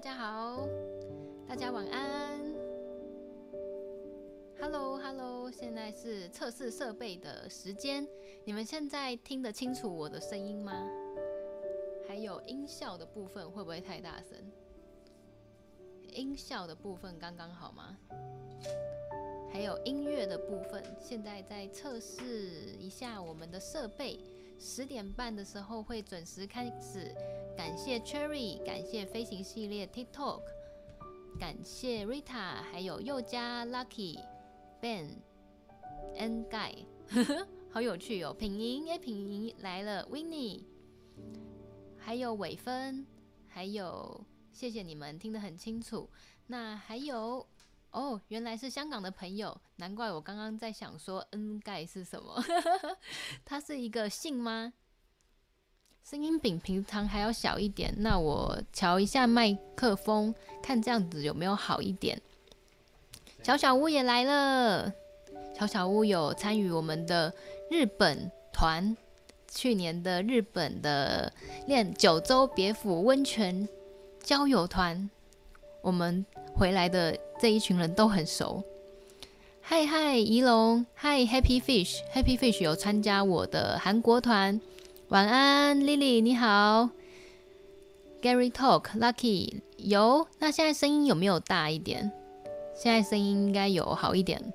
大家好，大家晚安。Hello，Hello，hello, 現在是測試設備的時間。你們現在聽得清楚我的聲音嗎？還有音效的部分會不會太大聲？音效的部分剛剛好嗎？還有音樂的部分，現在在測試一下我們的設備。十點半的時候會準時開始。感謝 Cherry，感謝飛行系列 TikTok，感謝 Rita，還有佑嘉、Lucky、Ben N Guy， 好有趣哦！品瑩，哎，品瑩來了 Winnie。還有偉芬，還有謝謝你們聽得很清楚。那還有哦，原來是香港的朋友，難怪我剛剛在想說 N Guy 是什麼， 他是一個姓嗎？聲音比平常還要小一點，那我調一下麥克風，看這樣子有沒有好一點。小小屋也來了，小小屋有參與我們的日本團，去年的日本的練九州別府溫泉交友團，我們回來的這一群人都很熟。嗨嗨，儀龍，嗨 Happy Fish，Happy Fish 有參加我的韓國團。晚安，Lily，你好。Gary Talk，Lucky，有。那現在聲音有沒有大一點？現在聲音應該有好一點。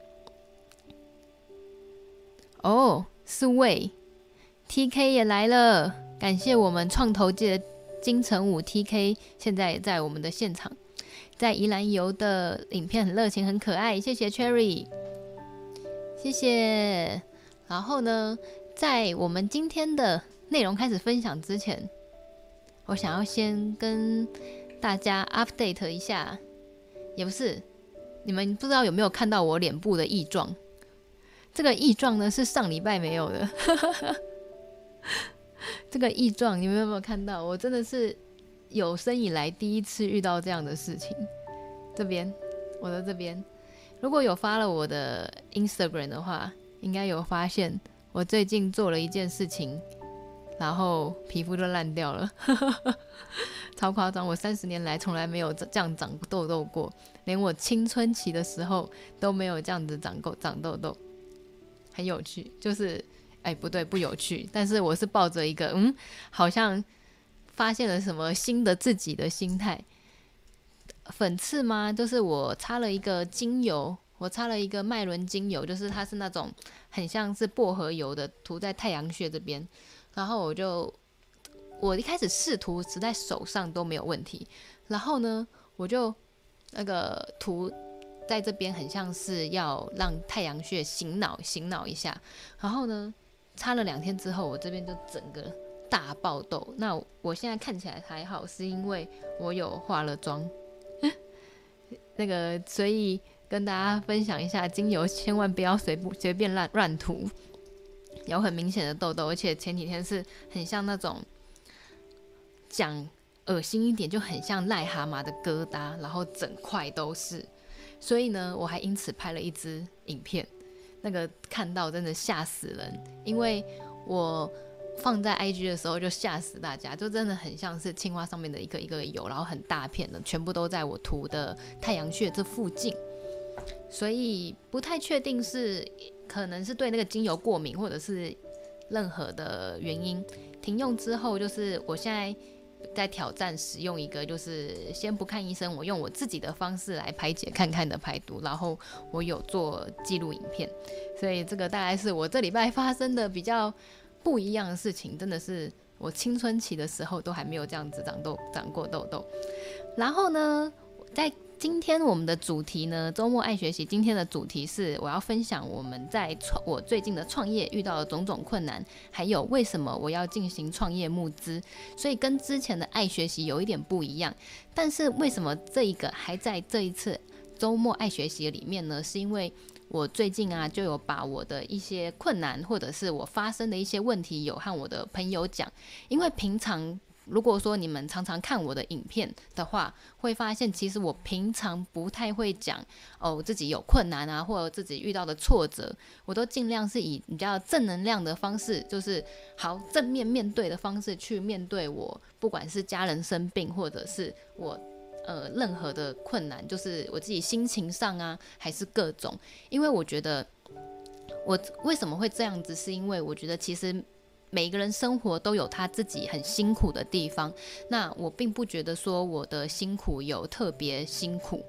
哦，四位。TK 也來了，感謝我們創投界的金城武 TK，現在也在我們的現場，在宜蘭遊的影片，很熱情，很可愛，謝謝 Cherry，謝謝。然後呢，在我們今天的內容開始分享之前，我想要先跟大家 update 一下，也不是，你們不知道有沒有看到我臉部的異狀？這個異狀呢，是上禮拜沒有的， 這個異狀你們有沒有看到？我真的是有生以來第一次遇到這樣的事情。這邊我的這邊，如果有 follow 我的 Instagram 的話，應該有發現我最近做了一件事情。然後皮膚都爛掉了， 超誇張！我三十年來從來沒有這樣長痘痘過，連我青春期的時候都沒有這樣子長痘。長痘痘。很有趣，就是哎、欸、不對不有趣，但是我是抱着一個嗯，好像發現了什麼新的自己的心態。粉刺嗎？就是我擦了一個精油，我擦了一個脈輪精油，就是它是那種很像是薄荷油的，塗在太陽穴這邊。然後我就，我一開始試塗只在手上都沒有問題。然後呢，我就那個塗在這邊，很像是要讓太陽穴醒腦、醒腦一下。然後呢，擦了兩天之後，我這邊就整個大爆痘。那我現在看起來還好，是因為我有化了妝。 那個，所以跟大家分享一下，精油千萬不要隨便隨便亂亂塗。有很明顯的痘痘，而且前幾天是很像那種講噁心一點，就很像癩蛤蟆的疙瘩，然後整塊都是。所以呢，我還因此拍了一支影片，那個看到真的嚇死人，因為我放在 IG 的時候就嚇死大家，就真的很像是青蛙上面的一個一個油，然後很大片的，全部都在我塗的太陽穴這附近，所以不太確定是。可能是對那個精油過敏，或者是任何的原因，停用之後，就是我現在在挑戰使用一個，就是先不看醫生，我用我自己的方式來排解看看的排毒，然後我有做記錄影片，所以這個大概是我這禮拜發生的比較不一樣的事情，真的是我青春期的時候都還沒有這樣子長痘長過痘痘，然後呢，在。今天我們的主題呢，周末愛學習。今天的主題是我要分享我們在創我最近的創業遇到的種種困難，還有為什麼我要進行創業募資。所以跟之前的愛學習有一點不一樣。但是為什麼這一個還在這一次周末愛學習裡面呢？是因為我最近啊，就有把我的一些困難或者是我發生的一些問題有和我的朋友講，因為平常。如果說你們常常看我的影片的話，會發現其實我平常不太會講哦，我自己有困難啊，或者自己遇到的挫折，我都盡量是以比較正能量的方式，就是好正面面對的方式去面對我，不管是家人生病，或者是我呃任何的困難，就是我自己心情上啊，還是各種，因為我覺得我為什麼會這樣子，是因為我覺得其實。每一個人生活都有他自己很辛苦的地方，那我並不覺得說我的辛苦有特別辛苦，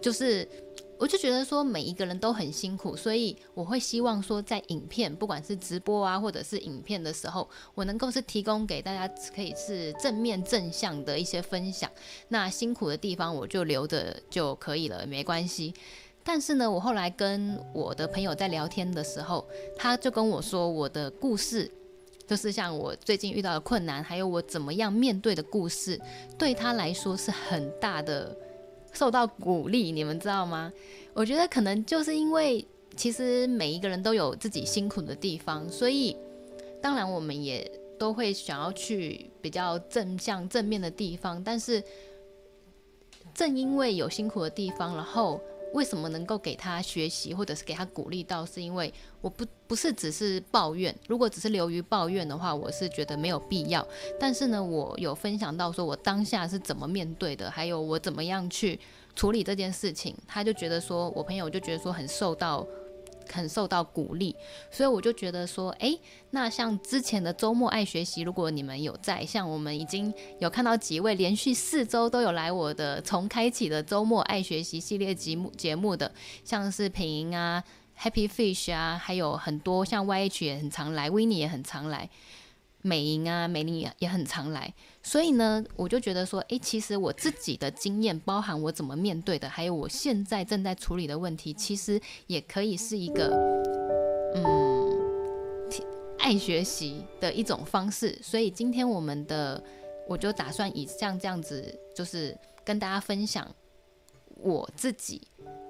就是我就覺得說每一個人都很辛苦，所以我會希望說在影片，不管是直播啊或者是影片的時候，我能夠是提供給大家可以是正面正向的一些分享。那辛苦的地方我就留着就可以了，沒關係。但是呢，我後來跟我的朋友在聊天的時候，他就跟我說我的故事。就是像我最近遇到的困難，還有我怎麼樣面對的故事，對他來說是很大的受到鼓勵。你們知道嗎？我覺得可能就是因為其實每一個人都有自己辛苦的地方，所以當然我們也都會想要去比較正向正面的地方。但是正因為有辛苦的地方，然後。為什麼能夠給他學習，或者是給他鼓勵？倒是因為我不不是只是抱怨，如果只是流於抱怨的話，我是覺得沒有必要。但是呢，我有分享到說我當下是怎麼面對的，還有我怎麼樣去處理這件事情，他就覺得說我朋友就覺得說很受到。很受到鼓勵，所以我就覺得說，誒、欸，那像之前的周末愛學習，如果你們有在，像我們已經有看到幾位連續四周都有來我的從開啟的周末愛學習系列節目節目的，像是平啊、Happy Fish 啊，還有很多像 YH 也很常來，Winnie 也很常來，美瑩啊、美麗也很常來。所以呢，我就覺得說，誒、欸，其實我自己的經驗，包含我怎麼面對的，還有我現在正在處理的問題，其實也可以是一個，嗯，艾學習的一種方式。所以今天我們的，我就打算以像這樣子，就是跟大家分享我自己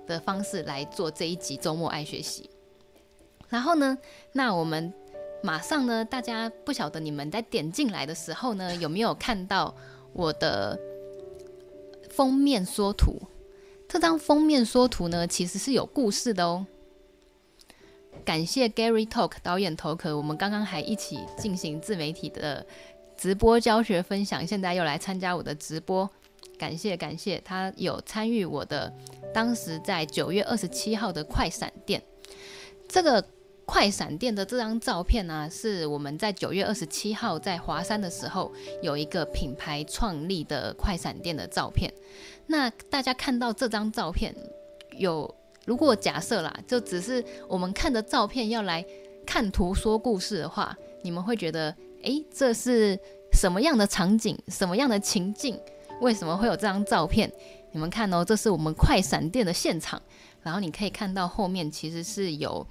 的方式來做這一集周末艾學習。然後呢，那我們。馬上呢，大家不曉得你們在點進來的時候呢，有沒有看到我的封面縮圖？這張封面縮圖呢，其實是有故事的哦。感謝 Gary Talk 導演頭殼，我們剛剛還一起進行自媒體的直播教學分享，現在又來參加我的直播，感謝感謝，他有參與我的當時在九月二十七號的快閃店這個。快閃店的這張照片呢、啊，是我們在九月二十七號在華山的時候有一個品牌創立的快閃店的照片。那大家看到這張照片，有如果假設啦，就只是我們看的照片要來看圖說故事的話，你們會覺得誒、欸，這是什麼樣的場景，什麼樣的情境？為什麼會有這張照片？你們看哦、喔，這是我們快閃店的現場，然後你可以看到後面其實是有。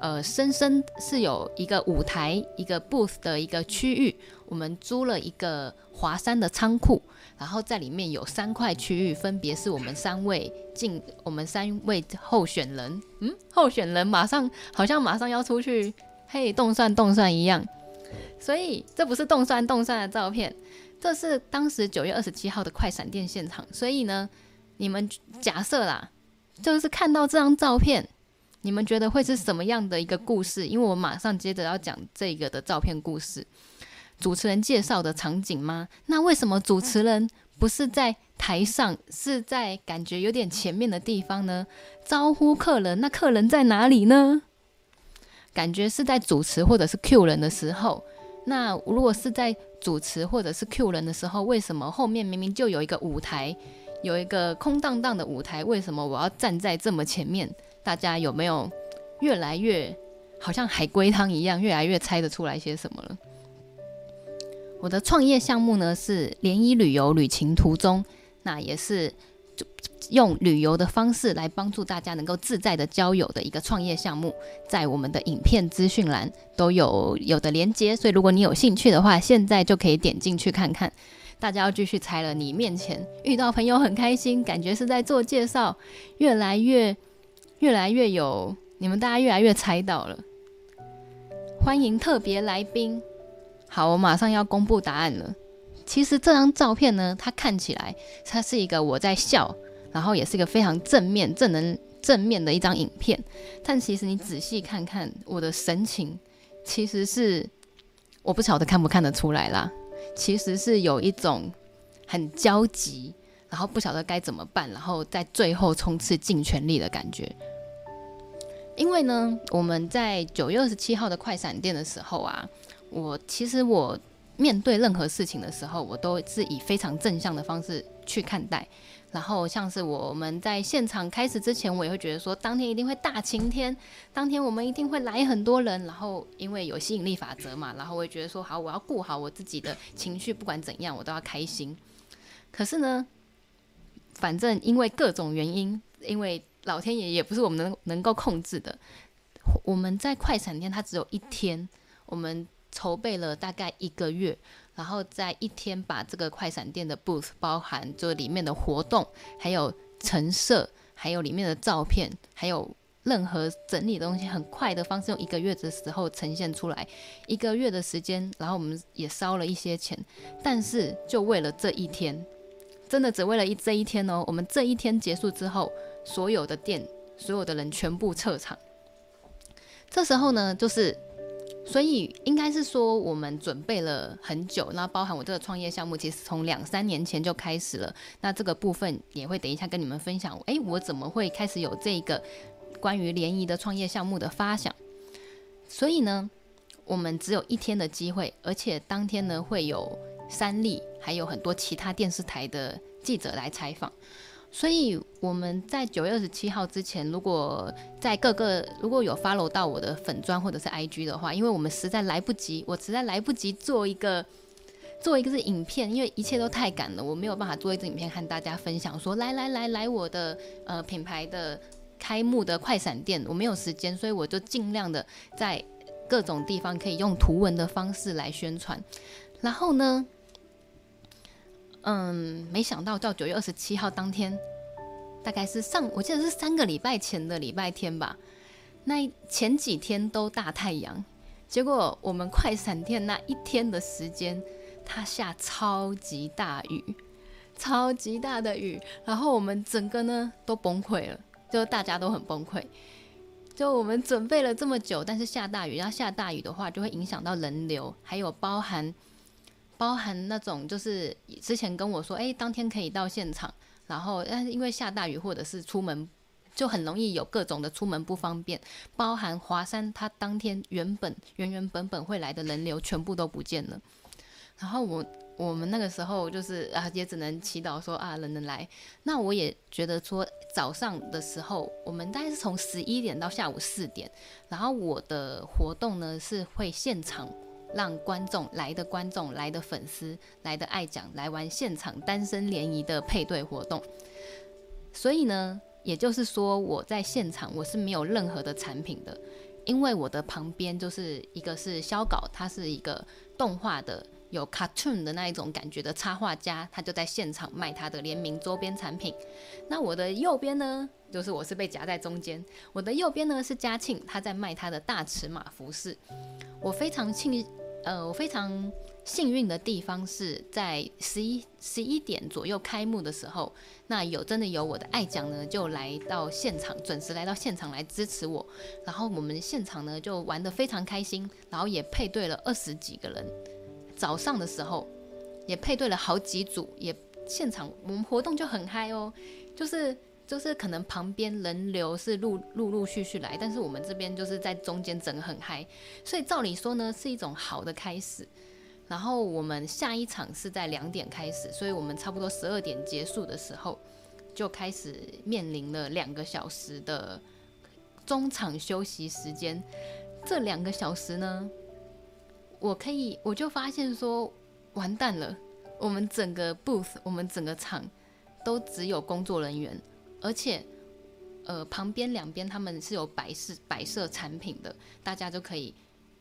呃，深深是有一個舞台，一個 booth 的一個區域，我們租了一個華山的倉庫，然後在裡面有三塊區域，分別是我們三位進，我們三位候選人，嗯，候選人馬上好像馬上要出去，嘿，凍蒜凍蒜一樣，所以這不是凍蒜凍蒜的照片，這是當時九月二十七號的快閃店現場，所以呢，你們假設啦，就是看到這張照片。你們覺得會是什麼樣的一個故事？因為我馬上接着要講這個的照片故事，主持人介紹的場景嗎？那為什麼主持人不是在台上，是在感覺有點前面的地方呢？招呼客人，那客人在哪裡呢？感覺是在主持或者是 cue 人的時候。那如果是在主持或者是 cue 人的時候，為什麼後面明明就有一個舞台，有一個空荡荡的舞台，為什麼我要站在這麼前面？大家有沒有越來越好像海龜湯一樣，越來越猜得出來些什麼了？我的創業項目呢，是聯誼旅遊，旅情途中,那也是用旅遊的方式來幫助大家能夠自在的交友的一個創業項目，在我們的影片資訊欄都有有的連接，所以如果你有興趣的話，現在就可以點進去看看。大家要繼續猜了，你面前遇到朋友很開心，感覺是在做介紹，越來越。越來越有，你們大家越來越猜到了。歡迎特別來賓。好，我馬上要公布答案了。其實這張照片呢，它看起來它是一個我在笑，然後也是一個非常正面、正能正面的一張影片。但其實你仔細看看我的神情，其實是我不曉得看不看得出來啦。其實是有一種很焦急。然後不曉得該怎麼辦，然後在最後衝刺盡全力的感覺。因為呢，我們在九月二十七號的快閃店的時候啊，我其實我面對任何事情的時候，我都是以非常正向的方式去看待。然後像是我們在現場開始之前，我也會覺得說，當天一定會大晴天，當天我們一定會來很多人。然後因為有吸引力法則嘛，然後我也覺得說，好，我要顧好我自己的情緒，不管怎樣，我都要開心。可是呢。反正因為各種原因，因為老天爺也不是我們能能夠控制的。我們在快閃店，它只有一天，我們籌備了大概一個月，然後在一天把這個快閃店的 booth 包含就裡面的活動，還有陳設，還有裡面的照片，還有任何整理東西，很快的方式用一個月的時候呈現出來。一個月的時間，然後我們也燒了一些錢，但是就為了這一天。真的只為了一這一天哦！我們這一天結束之後，所有的店、所有的人全部撤場。這時候呢，就是所以應該是說，我們準備了很久。那包含我這個創業項目，其實從兩三年前就開始了。那這個部分也會等一下跟你們分享。誒，我怎麼會開始有這個關於聯誼的創業項目的發想？所以呢，我們只有一天的機會，而且當天呢會有。三立還有很多其他電視台的記者來採訪，所以我們在九月二十七號之前，如果在各個如果有 follow 到我的粉專或者是 IG 的話，因為我們實在來不及，我實在來不及做一個做一個是影片，因為一切都太趕了，我沒有辦法做一支影片和大家分享。說來來來來，我的呃品牌的開幕的快閃店，我沒有時間，所以我就儘量的在各種地方可以用圖文的方式來宣傳。然後呢，嗯，沒想到到九月二十七號當天，大概是上，我記得是三個禮拜前的禮拜天吧。那前幾天都大太陽，結果我們快閃店那一天的時間，它下超級大雨，超級大的雨，然後我們整個呢都崩潰了，就大家都很崩潰。就我們準備了這麼久，但是下大雨，要下大雨的話就會影響到人流，還有包含。包含那種就是之前跟我說，哎、欸，當天可以到現場，然後但是因為下大雨或者是出門就很容易有各種的出門不方便，包含華山它當天原本原原本本會來的人流全部都不見了，然後我我們那個時候就是啊，也只能祈禱說啊，能能來。那我也覺得說早上的時候，我們大概是從十一點到下午四點，然後我的活動呢是會現場。讓觀眾來的觀眾來的粉絲來的艾醬來玩現場單身聯誼的配對活動，所以呢，也就是說我在現場我是沒有任何的產品的，因為我的旁邊就是一個是肖稿，他是一個動畫的有 cartoon 的那一種感覺的插畫家，他就在現場賣他的聯名周邊產品。那我的右邊呢？就是我是被夾在中間，我的右邊呢是嘉慶，他在賣他的大尺碼服飾。我非常幸，呃，我非常幸運的地方是在十一十一點左右開幕的時候，那有真的有我的艾醬呢就來到現場，準時來到現場來支持我。然後我們現場呢就玩得非常開心，然後也配對了二十幾個人。早上的時候也配對了好幾組，也現場我們活動就很嗨哦，就是。就是可能旁邊人流是陸陸陸續續來，但是我們這邊就是在中間整個很嗨，所以照理說呢是一種好的開始。然後我們下一場是在兩點開始，所以我們差不多十二點結束的時候，就開始面臨了兩個小時的中場休息時間。這兩個小時呢，我可以我就發現說完蛋了，我們整個 booth，我們整個場都只有工作人員。而且，呃，旁邊兩邊他們是有擺設擺設產品的，大家就可以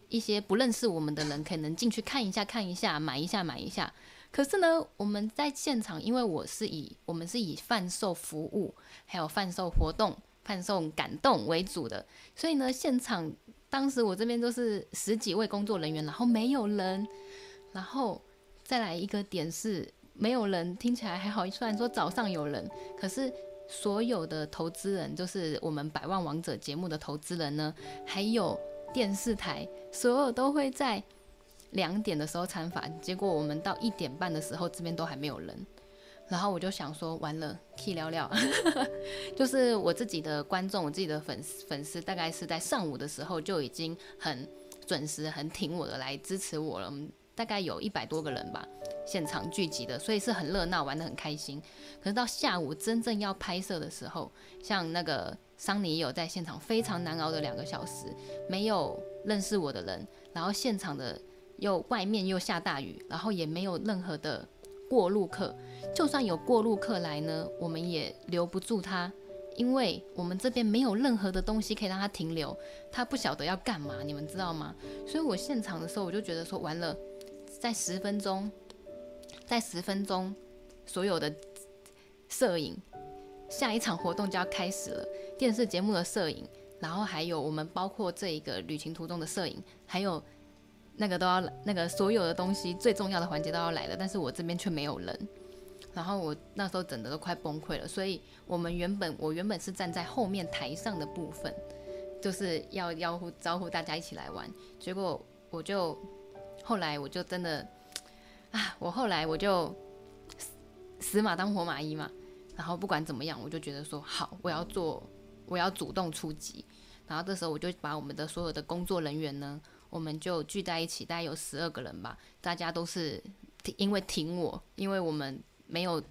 一些不認識我們的人，可能進去看一下看一下，買一下買一下。可是呢，我們在現場，因為我是以我們是以販售服務，還有販售活動、販售感動為主的，所以呢，現場當時我這邊都是十幾位工作人員，然後沒有人，然後再來一個點是沒有人，聽起來還好，雖然說早上有人，可是，所有的投資人，就是我們百萬王者節目的投資人呢，還有電視台，所有都會在兩點的時候參訪。結果我們到一點半的時候，這邊都還沒有人。然後我就想說，完了，可以聊聊。 就是我自己的觀眾，我自己的粉粉絲，大概是在上午的時候就已經很準時、很挺我的來支持我了。大概有一百多個人吧，現場聚集的，所以是很熱鬧，玩得很開心。可是到下午真正要拍攝的時候，像那個桑尼也有在現場非常難熬的兩個小時，沒有認識我的人，然後現場的又外面又下大雨，然後也沒有任何的過路客。就算有過路客來呢，我們也留不住他，因為我們這邊沒有任何的東西可以讓他停留，他不曉得要幹嘛，你們知道嗎？所以我現場的時候，我就覺得說完了。再十分鐘，再十分鐘，所有的攝影，下一場活動就要開始了。電視節目的攝影，然後還有我們包括這一個旅情途中的攝影，還有那個都要那個所有的東西，最重要的環節都要來了，但是我這邊卻沒有人，然後我那時候整個都快崩潰了。所以我們原本我原本是站在後面台上的部分，就是要要呼招呼大家一起來玩，結果我就。後來我就真的，啊，我後來我就死死馬當活馬醫嘛，然後不管怎麼樣，我就覺得說好，我要做，我要主動出擊。然後這時候我就把我們的所有的工作人員呢，我們就聚在一起，大概有十二個人吧，大家都是因為挺我，因為我們沒有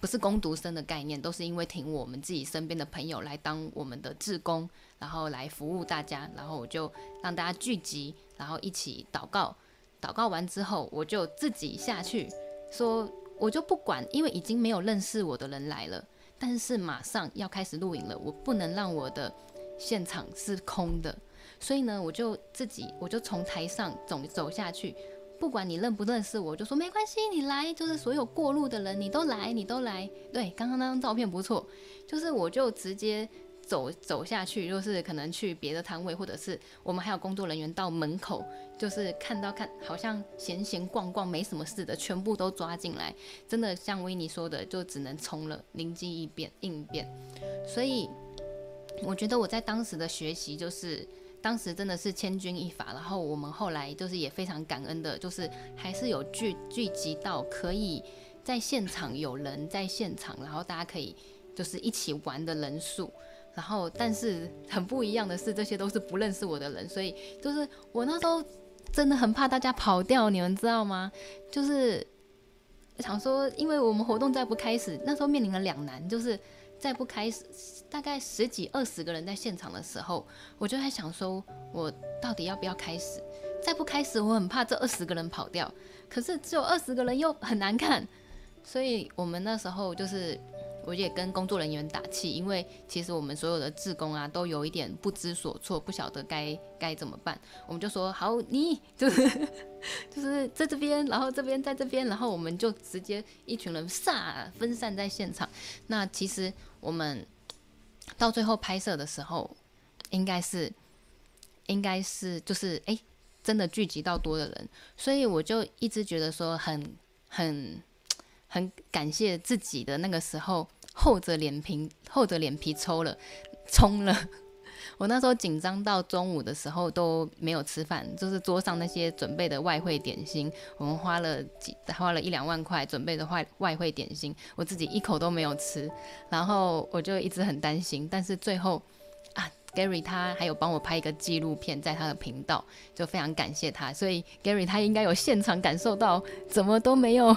不是工讀生的概念，都是因為挺我們自己身邊的朋友來當我們的志工，然後來服務大家。然後我就讓大家聚集，然後一起禱告。禱告完之後，我就自己下去說，我就不管，因為已經沒有認識我的人來了。但是馬上要開始錄影了，我不能讓我的現場是空的。所以呢，我就自己，我就從台上走走下去，不管你認不認識我，我就說沒關係，你來，就是所有過路的人，你都來，你都來。對，剛剛那張照片不錯，就是我就直接。走走下去，就是可能去別的攤位，或者是我們還有工作人員到門口，就是看到看，好像閒閒逛逛沒什麼事的，全部都抓進來。真的像威尼說的，就只能衝了，靈機一變。應變。所以我覺得我在當時的學習，就是當時真的是千鈞一發。然後我們後來就是也非常感恩的，就是還是有聚聚集到可以在現場有人在現場，然後大家可以就是一起玩的人數。然後，但是很不一樣的是，這些都是不認識我的人，所以就是我那時候真的很怕大家跑掉，你們知道嗎？就是想說，因為我們活動再不開始，那時候面臨了兩難，就是再不開始，大概十幾二十個人在現場的時候，我就在想說，我到底要不要開始？再不開始，我很怕這二十個人跑掉，可是只有二十個人又很難看，所以我們那時候就是。我也跟工作人員打氣，因為其實我們所有的志工啊，都有一點不知所措，不曉得該該怎麼辦。我們就說好，你就是就是在這邊，然後這邊在這邊，然後我們就直接一群人撒分散在現場。那其實我們到最後拍攝的時候，應該是應該是就是哎、欸、真的聚集到多的人，所以我就一直覺得說很很很感謝自己的那個時候。厚着臉皮，厚着臉皮抽了，衝了。我那時候緊張到中午的時候都沒有吃飯，就是桌上那些準備的外燴點心，我們花了幾花了一兩萬塊準備的外外燴點心，我自己一口都沒有吃。然後我就一直很擔心，但是最後啊，Gary 他還有幫我拍一個紀錄片在他的頻道，就非常感謝他。所以 Gary 他應該有現場感受到怎麼都沒有。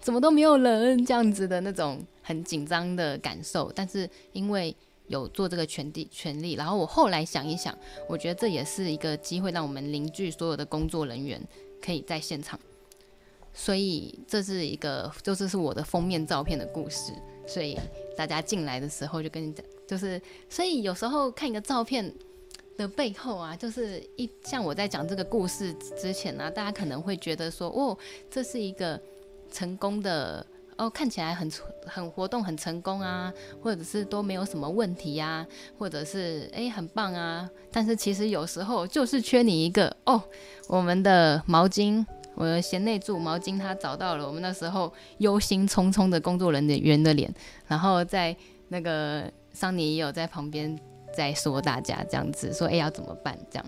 怎麼都沒有人這樣子的那種很緊張的感受，但是因為有做這個權利，權利，然後我後來想一想，我覺得這也是一個機會，讓我們聯誼所有的工作人員可以在現場，所以這是一個，就是，這是我的封面照片的故事，所以大家進來的時候就跟你講，就是，所以有時候看一個照片的背後啊，就是一像我在講這個故事之前呢，啊，大家可能會覺得說，哦，這是一個。成功的哦，看起來很很活動很成功啊，或者是都沒有什麼問題呀、啊，或者是誒、欸，很棒啊。但是其實有時候就是缺你一個哦。我們的毛巾，我的賢內助毛巾他找到了。我們那時候憂心忡忡的工作人員的臉，然後在那個桑尼也有在旁邊在說，大家這樣子，說哎、欸，要怎麼辦這樣。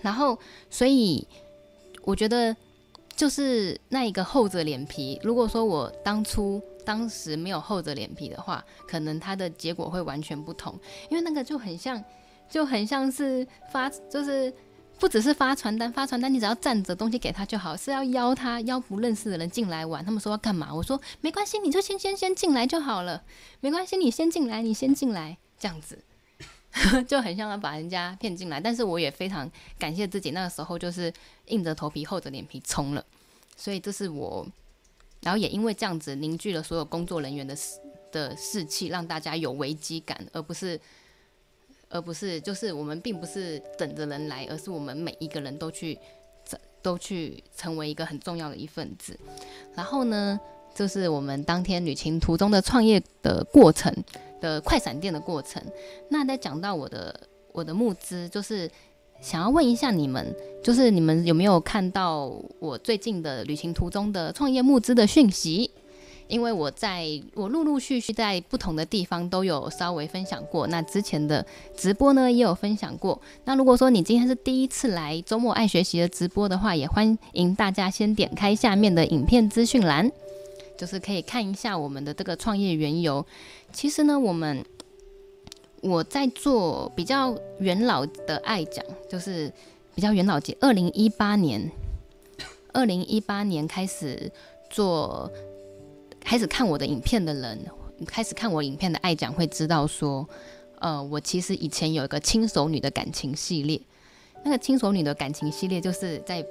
然後所以我覺得。就是那一個厚着臉皮。如果說我當初當時沒有厚着臉皮的話，可能他的結果會完全不同。因為那個就很像，就很像是發，就是不只是發傳單，發傳單你只要站着東西給他就好。是要邀他邀不認識的人進來玩，他們說要幹嘛？我說沒關係，你就先先先進來就好了，沒關係，你先進來，你先進來，這樣子。 就很像要把人家騙進來，但是我也非常感謝自己那個時候就是硬着頭皮、厚着臉皮衝了，所以這是我，然後也因為這樣子凝聚了所有工作人員的的士氣，讓大家有危機感，而不是而不是就是我們並不是等着人來，而是我們每一個人都去都去成為一個很重要的一份子。然後呢，就是我們當天旅情途中的創業的過程的快閃店的過程，那再講到我的我的募資，就是想要問一下你們，就是你們有沒有看到我最近的旅情途中的創業募資的訊息？因為我在我陸陸續續在不同的地方都有稍微分享過，那之前的直播呢也有分享過。那如果說你今天是第一次來周末愛學習的直播的話，也歡迎大家先點開下面的影片資訊欄，就是可以看一下我們的這個創業緣由。其實呢，我們我在做比較元老的愛講，就是比較元老級。二零一八年，二零一八年開始做，開始看我的影片的人，開始看我影片的愛講會知道說，呃，我其實以前有一個輕熟女的感情系列，那個輕熟女的感情系列就是在。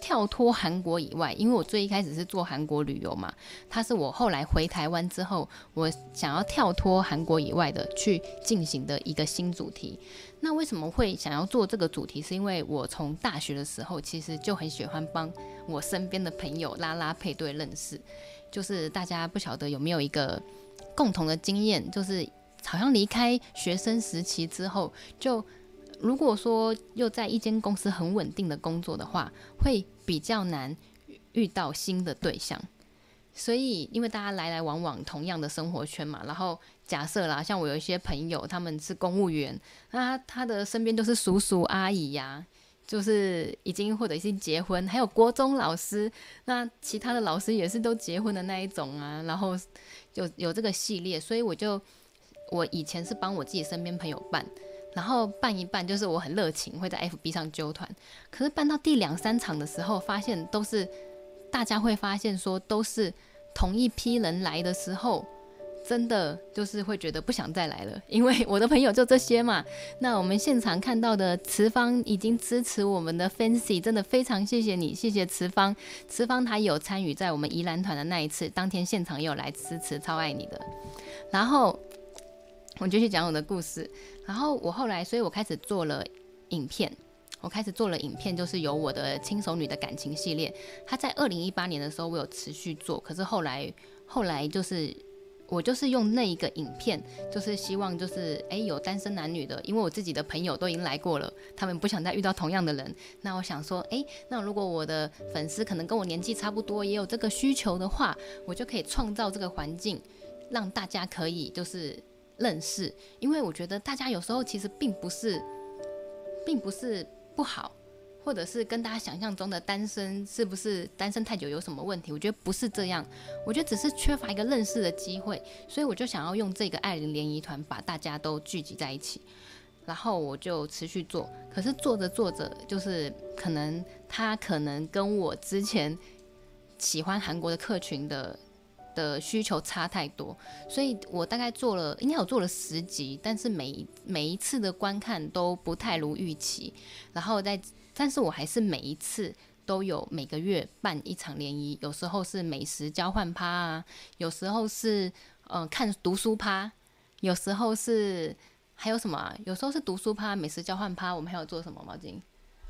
跳脫韓國以外，因為我最一開始是做韓國旅遊嘛，它是我後來回台灣之後，我想要跳脫韓國以外的去進行的一個新主題。那為什麼會想要做這個主題？是因為我從大學的時候，其實就很喜歡幫我身邊的朋友拉拉配對認識，就是大家不曉得有沒有一個共同的經驗，就是好像離開學生時期之後就……如果說又在一間公司很穩定的工作的話，會比較難遇到新的對象。所以，因為大家來來往往同樣的生活圈嘛，然後假設啦，像我有一些朋友，他們是公務員，那他的身邊都是叔叔阿姨呀、啊，就是已經或者已經結婚，還有國中老師，那其他的老師也是都結婚的那一種啊，然後有有這個系列，所以我就我以前是幫我自己身邊朋友辦。然後辦一辦，就是我很熱情，會在 FB 上揪團。可是辦到第兩三場的時候，發現都是大家會發現說都是同一批人來的時候，真的就是會覺得不想再來了，因為我的朋友就這些嘛。那我們現場看到的慈方已經支持我們的 Fansi，真的非常謝謝你，謝謝慈方，慈方他有參與在我們宜蘭團的那一次，當天現場也有來支持，超愛你的。然後。我繼續講我的故事，然後我後來，所以我開始做了影片，我開始做了影片，就是有我的輕熟女的感情系列。她在二零一八年的時候，我有持續做，可是後來，後來就是我就是用那一個影片，就是希望就是哎有單身男女的，因為我自己的朋友都已經來過了，他們不想再遇到同樣的人。那我想說，哎，那如果我的粉絲可能跟我年紀差不多，也有這個需求的話，我就可以創造這個環境，讓大家可以就是。認識，因為我覺得大家有時候其實並不是，並不是不好，或者是跟大家想象中的單身是不是單身太久有什麼問題？我覺得不是這樣，我覺得只是缺乏一個認識的機會，所以我就想要用這個艾琳聯誼團把大家都聚集在一起，然後我就持續做。可是做着做着，就是可能他可能跟我之前喜歡韓國的客群的。的需求差太多，所以我大概做了，應該有做了十集，但是每每一次的觀看都不太如預期。然後在，但是我還是每一次都有每個月辦一場聯誼，有時候是美食交換趴啊，有時候是嗯、呃、看讀書趴，有時候是還有什麼啊？有時候是讀書趴、美食交換趴，我們還有做什麼？毛巾？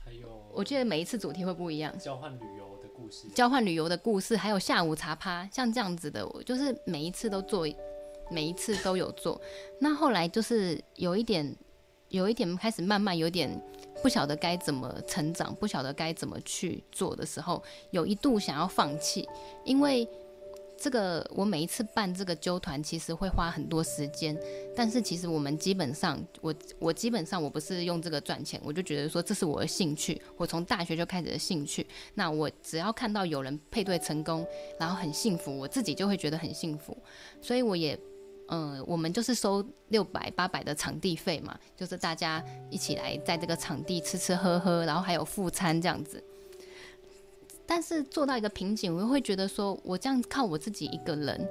還有？我記得每一次主題會不一樣。交換旅交換旅遊的故事，還有下午茶趴，像這樣子的，我就是每一次都做，每一次都有做。那後來就是有一點，有一點開始慢慢有點不曉得該怎麼成長，不曉得該怎麼去做的時候，有一度想要放棄，因為……這個我每一次辦這個揪團，其實會花很多時間，但是其實我們基本上，我我基本上我不是用這個賺錢，我就覺得說這是我的興趣，我從大學就開始的興趣。那我只要看到有人配對成功，然後很幸福，我自己就會覺得很幸福。所以我也，嗯、呃，我們就是收六百八百的場地費嘛，就是大家一起來在這個場地吃吃喝喝，然後還有副餐這樣子。但是做到一個瓶頸，我會覺得說，我這樣靠我自己一個人，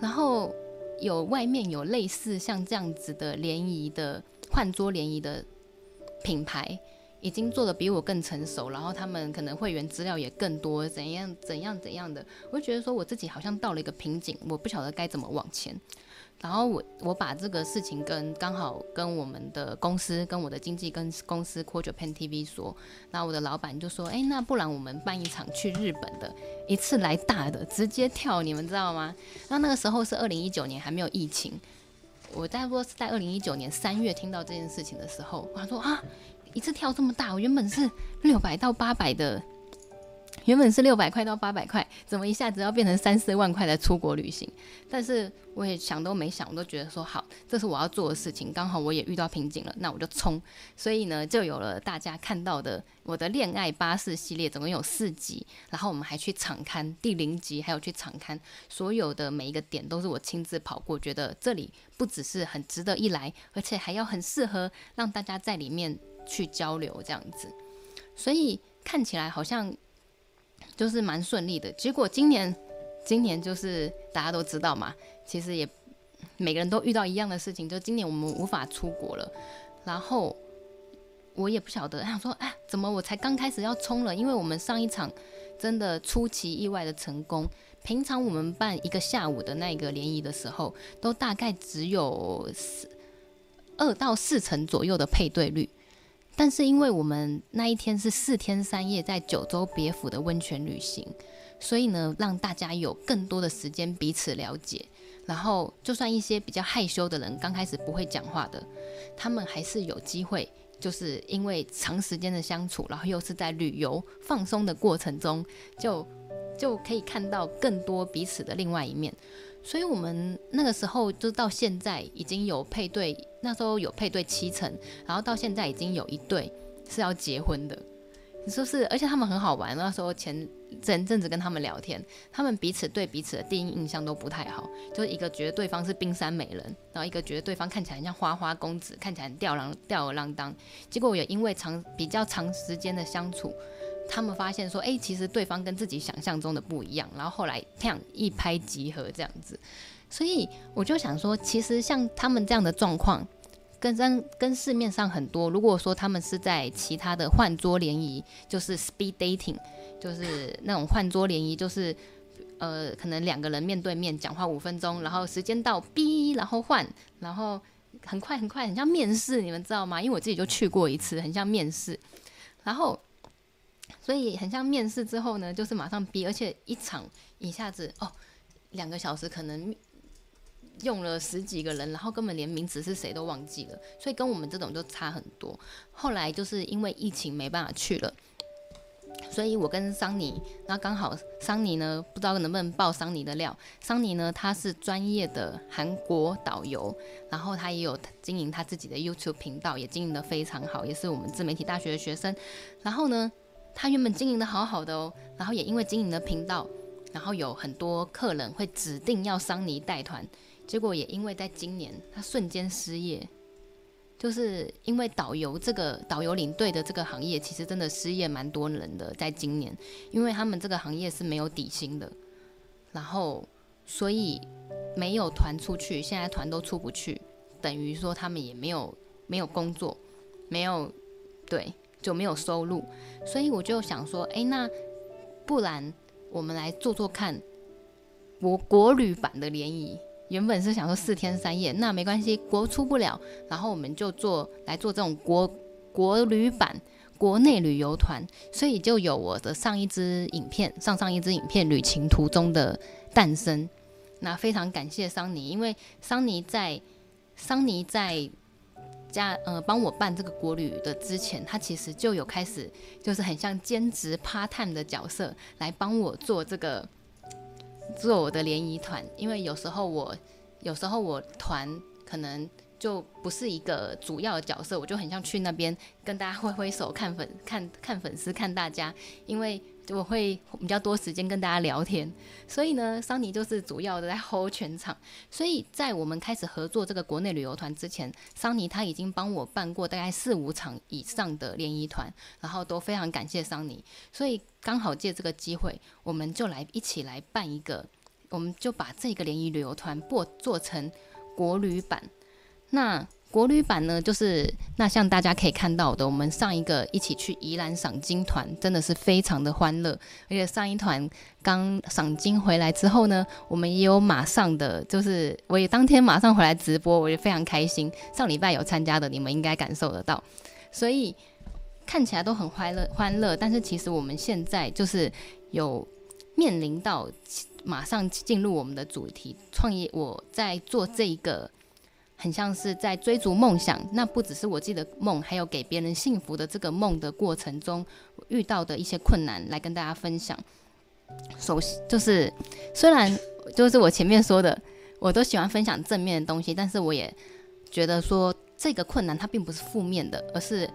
然後有外面有類似像這樣子的聯誼的換桌聯誼的品牌，已經做得比我更成熟，然後他們可能會員資料也更多，怎樣怎樣怎樣的，我就覺得說我自己好像到了一個瓶頸，我不曉得該怎麼往前。然後我我把這個事情跟剛好跟我們的公司、跟我的經紀、 跟公司 Cojo pan TV 說，那我的老闆就說：“哎，那不然我們辦一場去日本的，一次來大的，直接跳，你們知道嗎？”那那個時候是二零一九年，還沒有疫情。我差不多是在二零一九年三月聽到這件事情的時候，他說：“啊，一次跳這麼大，我原本是六百到八百的。”原本是六百塊到八百塊，怎麼一下子要變成三四萬塊來出國旅行？但是我也想都沒想，我都覺得說好，這是我要做的事情。剛好我也遇到瓶頸了，那我就衝。所以呢，就有了大家看到的我的戀愛巴士系列，總共有四集。然後我們還去場勘第零集，還有去場勘所有的每一個點都是我親自跑過，覺得這裡不只是很值得一來，而且還要很適合讓大家在裡面去交流這樣子。所以看起來好像。就是蠻順利的，結果今年，今年就是大家都知道嘛，其實也每個人都遇到一樣的事情，就今年我們無法出國了，然後我也不曉得，想說哎、啊，怎麼我才剛開始要衝了？因為我們上一場真的出奇意外的成功，平常我們辦一個下午的那個聯誼的時候，都大概只有四二到四成左右的配對率。但是因為我們那一天是四天三夜在九州別府的溫泉旅行，所以呢，讓大家有更多的時間彼此了解。然後，就算一些比較害羞的人，剛開始不會講話的，他們還是有機會，就是因為長時間的相處，然後又是在旅遊放鬆的過程中，就就可以看到更多彼此的另外一面。所以，我們那個時候就到現在已經有配對，那時候有配對七成，然後到現在已經有一對是要結婚的，你說是？而且他們很好玩，那時候前前陣子跟他們聊天，他們彼此對彼此的第一印象都不太好，就是一個覺得對方是冰山美人，然後一個覺得對方看起來很像花花公子，看起來很吊兒郎吊兒郎當。結果我也因為長比較長時間的相處。他們發現說，誒，其實對方跟自己想象中的不一樣，然後後來這樣一拍即合這樣子，所以我就想說，其實像他們這樣的狀況，跟跟市面上很多，如果說他們是在其他的換桌聯誼，就是 speed dating，就是那種換桌聯誼，就是呃，可能兩個人面對面講話五分鐘，然後時間到嗶，然後換，然後很快很快，很像面試，你們知道嗎？因為我自己就去過一次，很像面試，然後。所以很像面試之後呢，就是馬上逼。而且一場一下子哦，兩個小時可能用了十幾個人，然後根本連名字是誰都忘記了。所以跟我們這種就差很多。後來就是因為疫情沒辦法去了，所以我跟桑尼，那剛好桑尼呢，不知道能不能爆桑尼的料。桑尼呢，他是專業的韓國導遊，然後他也有經營他自己的 YouTube 頻道，也經營得非常好，也是我們自媒體大學的學生。然後呢？他原本經營得好好的哦，然後也因為經營的頻道，然後有很多客人會指定要桑尼帶團，結果也因為在今年，他瞬間失業，就是因為導遊這個導遊領隊的這個行業，其實真的失業蠻多人的，在今年，因為他們這個行業是沒有底薪的，然後所以沒有團出去，現在團都出不去，等於說他們也沒有沒有工作，沒有對。就沒有收入，所以我就想說，哎、欸，那不然我們來做做看，我國旅版的聯誼。原本是想說四天三夜，那沒關係，國出不了，然後我們就做來做這種國國旅版國內旅遊團，所以就有我的上一支影片，上上一支影片《旅情途中的誕生》。那非常感謝桑尼，因為桑尼在，桑尼在。加呃，幫我辦這個國旅的之前，他其實就有開始，就是很像兼職 part time 的角色來幫我做這個，做我的聯誼團，因為有時候我，有時候我團可能。就不是一個主要的角色，我就很想去那邊跟大家揮揮手看看，看粉看看粉絲，看大家，因為我會比較多時間跟大家聊天，所以呢，桑尼就是主要的在 hold 全場。所以在我們開始合作這個國內旅遊團之前，桑尼他已經幫我辦過大概四五場以上的聯誼團，然後都非常感謝桑尼，所以剛好借這個機會，我們就來一起來辦一個，我們就把這個聯誼旅遊團做做成國旅版。那國旅版呢，就是那像大家可以看到的，我們上一個一起去宜蘭賞鯨團，真的是非常的歡樂。而且上一團剛賞鯨回來之後呢，我們也有馬上的，就是我也當天馬上回來直播，我也非常開心。上禮拜有參加的，你們應該感受得到。所以看起來都很歡樂，歡樂。但是其實我們現在就是有面臨到馬上進入我們的主題創業，我在做這一個。很像是在追逐夢想，那不只是我自己的夢，還有給別人幸福的這個夢的過程中遇到的一些困難，來跟大家分享。首先就是，雖然就是我前面說的，我都喜歡分享正面的東西，但是我也覺得說這個困難它並不是負面的，而是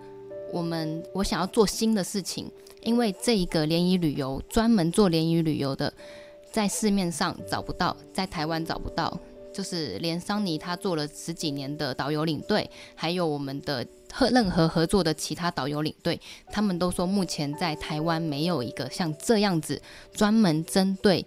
我們我想要做新的事情，因為這一個聯誼旅遊專門做聯誼旅遊的，在市面上找不到，在台灣找不到。就是連桑尼他做了十幾年的導遊領隊，還有我們的任何合作的其他導遊領隊，他們都說目前在台灣沒有一個像這樣子專門針對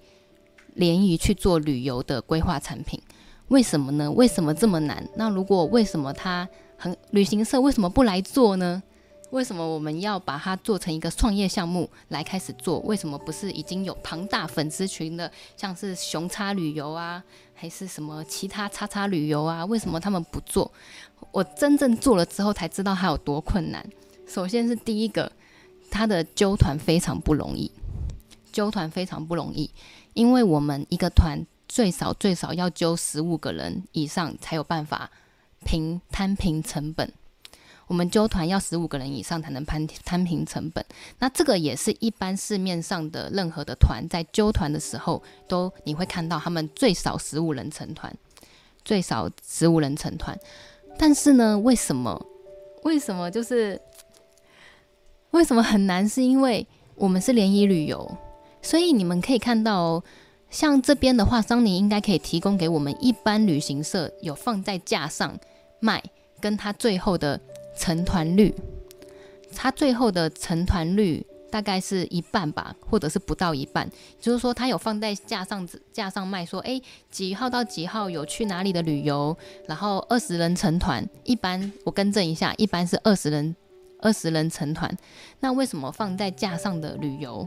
聯誼去做旅遊的規劃產品。為什麼呢？為什麼這麼難？那如果為什麼他很，旅行社為什麼不來做呢？為什麼我們要把它做成一個創業項目來開始做？為什麼不是已經有龐大粉絲群的，像是熊叉旅遊啊，還是什麼其他叉叉旅遊啊？為什麼他們不做？我真正做了之後才知道它有多困難。首先是第一個，它的揪團非常不容易，揪團非常不容易，因為我們一個團最少最少要揪十五個人以上才有辦法平攤平成本。我們揪團要十五個人以上才能攤攤平成本，那這個也是一般市面上的任何的團在揪團的時候都你會看到他們最少十五人成團，最少十五人成團。但是呢，為什麼？為什麼就是為什麼很難？是因為我們是聯誼旅遊，所以你們可以看到、哦，像這邊的話，桑尼應該可以提供給我們一般旅行社有放在架上賣，跟他最後的。成團率，他最後的成團率大概是一半吧，或者是不到一半。就是說，他有放在架上架上賣，說，誒、欸，幾號到幾號有去哪裡的旅遊，然後二十人成團。一般我更正一下，一般是二十人，二十人成團。那為什麼放在架上的旅遊，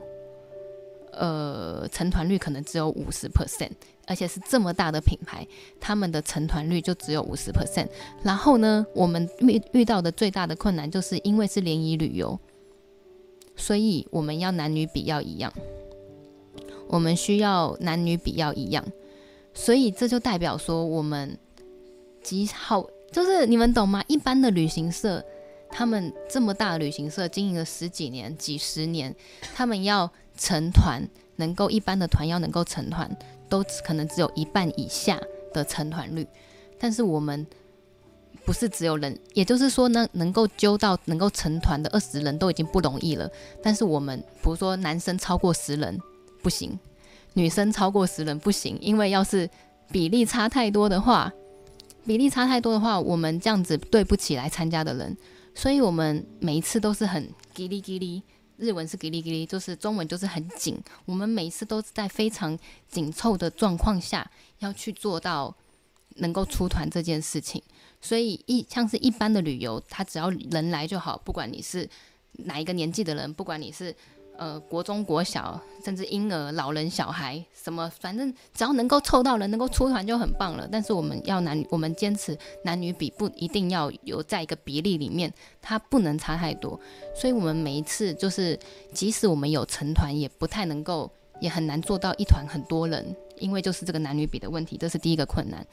呃，成團率可能只有五十 percent？而且是這麼大的品牌，他們的成團率就只有五十 percent。然後呢，我們遇遇到的最大的困難就是因為是聯誼旅遊，所以我們要男女比要一樣，我們需要男女比要一樣，所以這就代表說我們幾好，就是你們懂嗎？一般的旅行社，他們這麼大的旅行社經營了十幾年、幾十年，他們要成團，能夠一般的團要能夠成團。都可能只有一半以下的成團率，但是我們不是只有人，也就是說呢，能夠揪到能夠成團的二十人都已經不容易了。但是我們，比如說男生超過十人不行，女生超過十人不行，因為要是比例差太多的話，比例差太多的話，我們這樣子對不起來參加的人，所以我們每一次都是很嘰哩嘰哩。日文是 “giri giri”，就是中文就是很緊。我們每次都是在非常緊湊的狀況下，要去做到能夠出團這件事情。所以一像是一般的旅遊，他只要人來就好，不管你是哪一個年紀的人，不管你是。呃，國中、國小，甚至嬰兒、老人、小孩，什麼，反正只要能夠湊到人，能夠出團就很棒了。但是我們要男女，我們堅持男女比不一定要有在一個比例裡面，它不能差太多。所以，我們每一次就是，即使我們有成團，也不太能夠，也很難做到一團很多人，因為就是這個男女比的問題，這是第一個困難。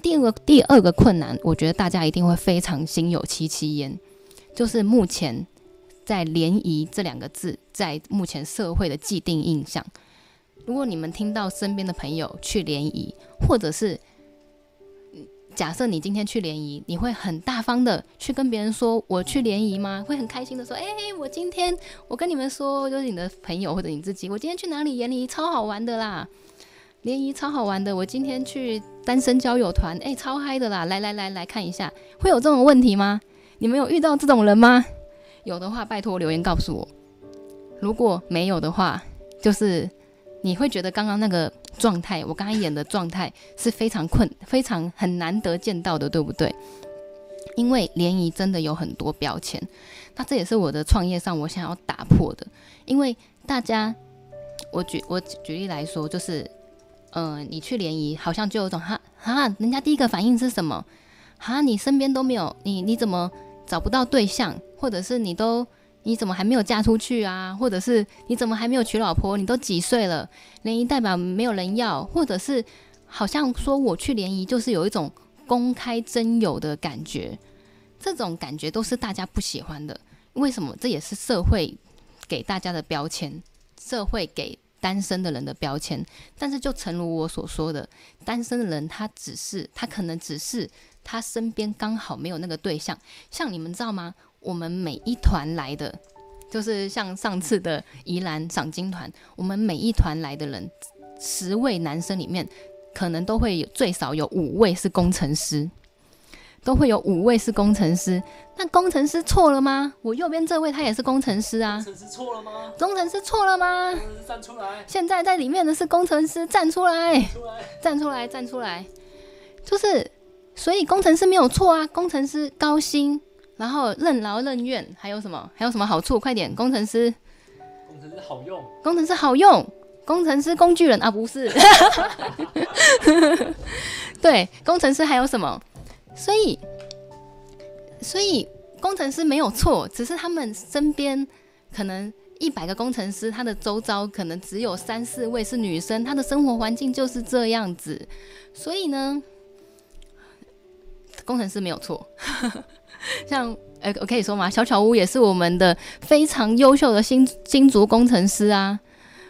第二個，第二個困難，我覺得大家一定會非常心有戚戚焉，就是目前。在聯誼這兩個字，在目前社會的既定印象，如果你們聽到身邊的朋友去聯誼，或者是嗯，假設你今天去聯誼，你會很大方的去跟別人說我去聯誼嗎？會很開心的說，誒、欸，我今天我跟你們說，就是你的朋友或者你自己，我今天去哪裡聯誼，超好玩的啦！聯誼超好玩的，我今天去單身交友團，誒、欸，超嗨的啦！來來來，來，來看一下，會有這種問題嗎？你們有遇到這種人嗎？有的話，拜託留言告訴我。如果沒有的話，就是你會覺得剛剛那個狀態，我剛才演的狀態是非常困、非常很難得見到的，對不對？因為聯誼真的有很多標籤，那這也是我的創業上我想要打破的。因為大家，我舉我舉例來說，就是，嗯、呃，你去聯誼好像就有一種哈哈，人家第一個反應是什麼？哈，你身邊都沒有你，你怎麼找不到對象？或者是你都你怎麼還沒有嫁出去啊？或者是你怎麼還沒有娶老婆？你都幾歲了？聯誼代表沒有人要，或者是好像說我去聯誼就是有一種公開徵友的感覺，這種感覺都是大家不喜歡的。為什麼？這也是社會給大家的標籤，社會給單身的人的標籤。但是就誠如我所說的，單身的人他只是他可能只是他身邊剛好沒有那個對象。像你們知道嗎？我們每一團來的，就是像上次的宜蘭賞金團，我們每一團來的人，十位男生裡面，可能都會有最少有五位是工程師，都會有五位是工程師。那工程師錯了嗎？我右邊這位他也是工程師啊。工程師錯了嗎？工程師錯了嗎？呃，現在在裡面的是工程師，站出來！站出來！站出來！站出來就是，所以工程師沒有錯啊，工程師高薪。然後任勞任怨，還有什麼？還有什麼好處？快點，工程師。工程師好用。工程師好用。工程師工具人啊，不是。 對，工程師還有什麼？所以，所以工程師沒有錯，只是他們身邊可能一百個工程師，他的周遭可能只有三四位是女生，他的生活環境就是這樣子。所以呢，工程師沒有錯。 像，哎、欸，我可以說嗎？小巧屋也是我們的非常優秀的新新竹工程師啊，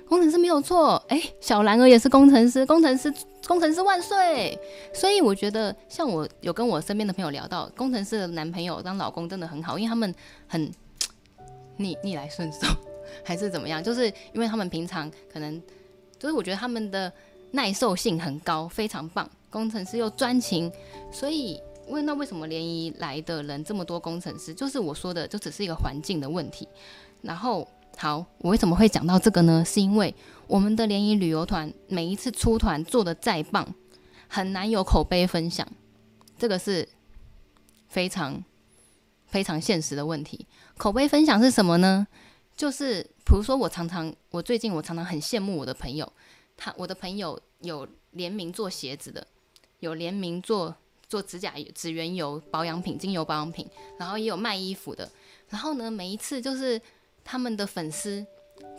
工程師沒有錯，誒、欸，小蘭兒也是工程師，工程師工程師萬歲！所以我覺得，像我有跟我身邊的朋友聊到，工程師的男朋友當老公真的很好，因為他們很逆逆來順受，還是怎麼樣？就是因為他們平常可能，就是我覺得他們的耐受性很高，非常棒，工程師又專情，所以。問那為什麼聯誼來的人這麼多？工程師就是我說的，就只是一個環境的問題。然後，好，我為什麼會講到這個呢？是因為我們的聯誼旅遊團每一次出團做得再棒，很難有口碑分享。這個是非常非常現實的問題。口碑分享是什麼呢？就是比如說，我常常，我最近我常常很羨慕我的朋友，他我的朋友有聯名做鞋子的，有聯名做。做指甲油、指緣油保養品、精油保養品，然後也有賣衣服的。然後呢，每一次就是他們的粉絲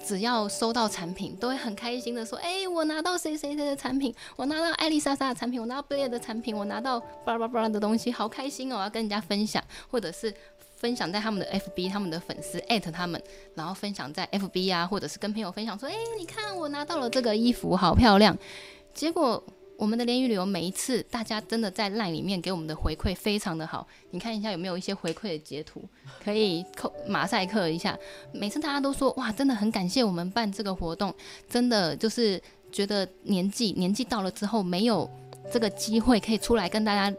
只要收到產品，都會很開心的說：“哎、欸，我拿到誰誰誰的產品，我拿到艾莉莎莎的產品，我拿到布列的產品，我拿到巴拉巴拉巴拉的東西，好開心哦！我要跟人家分享，或者是分享在他們的 FB，他們的粉絲, 他，們的粉絲 @他們，然後分享在 FB 啊，或者是跟朋友分享說：哎、欸，你看我拿到了這個衣服，好漂亮。結果。”我們的聯誼旅遊，每一次大家真的在 LINE 裡面給我們的回饋非常的好。你看一下有沒有一些回饋的截圖，可以扣馬賽克一下。每次大家都說，哇，真的很感謝我們辦這個活動，真的就是覺得年紀年紀到了之後沒有這個機會可以出來跟大家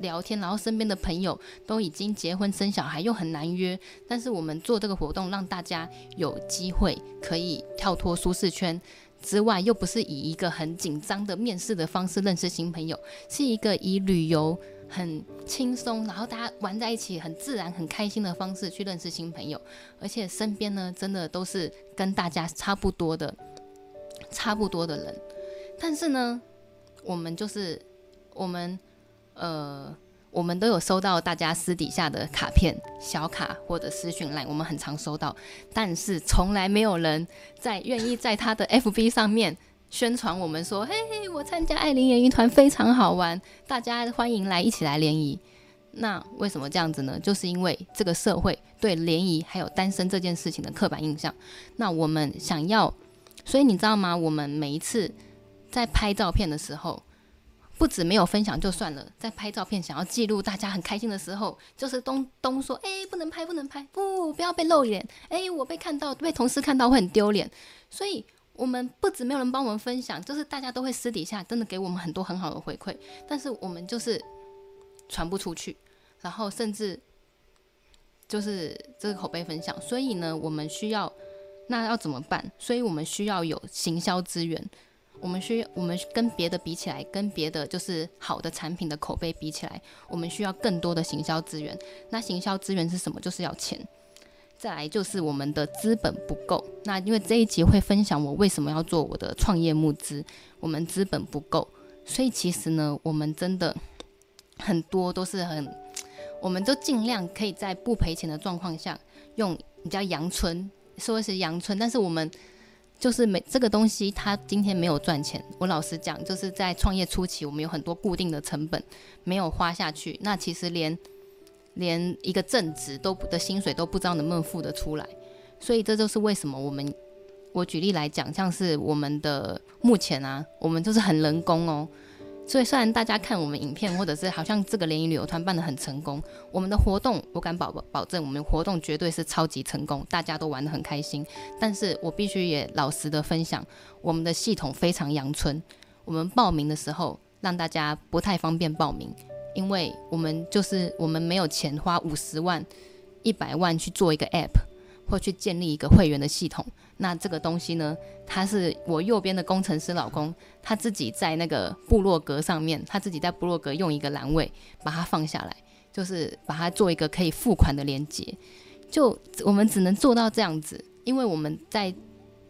聊天，然後身邊的朋友都已經結婚生小孩，又很難約。但是我們做這個活動，讓大家有機會可以跳脫舒適圈。之外，又不是以一個很緊張的面試的方式認識新朋友，是一個以旅遊很輕鬆，然後大家玩在一起很自然、很開心的方式去認識新朋友，而且身邊呢，真的都是跟大家差不多的、差不多的人。但是呢，我們就是我們，呃。我們都有收到大家私底下的卡片、小卡或者私訊來，我們很常收到，但是從來沒有人在願意在他的 FB 上面宣傳我們說， 嘿嘿，我參加艾琳演藝團非常好玩，大家歡迎來一起來聯誼。那為什麼這樣子呢？就是因為這個社會對聯誼還有單身這件事情的刻板印象。那我們想要，所以你知道嗎？我們每一次在拍照片的時候。不止沒有分享就算了，在拍照片想要記錄大家很開心的時候，就是東東說：“哎、欸，不能拍，不能拍，不，不要被露臉。哎、欸，我被看到，被同事看到會很丟臉。”所以，我們不止沒有人幫我們分享，就是大家都會私底下真的給我們很多很好的回饋，但是我們就是傳不出去，然後甚至就是這個口碑分享。所以呢，我們需要，那要怎麼辦？所以我們需要有行銷資源。我們需要，我們跟別的比起來，跟別的就是好的產品的口碑比起來，我們需要更多的行銷資源。那行銷資源是什麼？就是要錢。再來就是我們的資本不夠。那因為這一集會分享我為什麼要做我的創業募資，我們資本不夠，所以其實呢，我們真的很多都是很，我們都盡量可以在不賠錢的狀況下用，比較陽春，說是陽春，但是我們。就是沒這個東西，它今天沒有賺錢。我老實講，就是在創業初期，我們有很多固定的成本沒有花下去，那其實連連一個正職都的薪水都不知道能不能付得出來。所以這就是為什麼我們，我舉例來講，像是我們的目前啊，我們就是很人工哦。所以，雖然大家看我們影片，或者是好像這個聯誼旅游團辦得很成功，我們的活動我敢保保保證，我們活動絕對是超級成功，大家都玩得很開心。但是我必須也老實的分享，我們的系統非常陽春，我們報名的時候讓大家不太方便報名，因為我們就是我們沒有錢花五十萬、一百萬去做一個 app，或去建立一個會員的系統。那這個東西呢，他是我右邊的工程師老公，他自己在那個部落格上面，他自己在部落格用一個欄位把它放下來，就是把它做一個可以付款的鏈接。就我們只能做到這樣子，因為我們在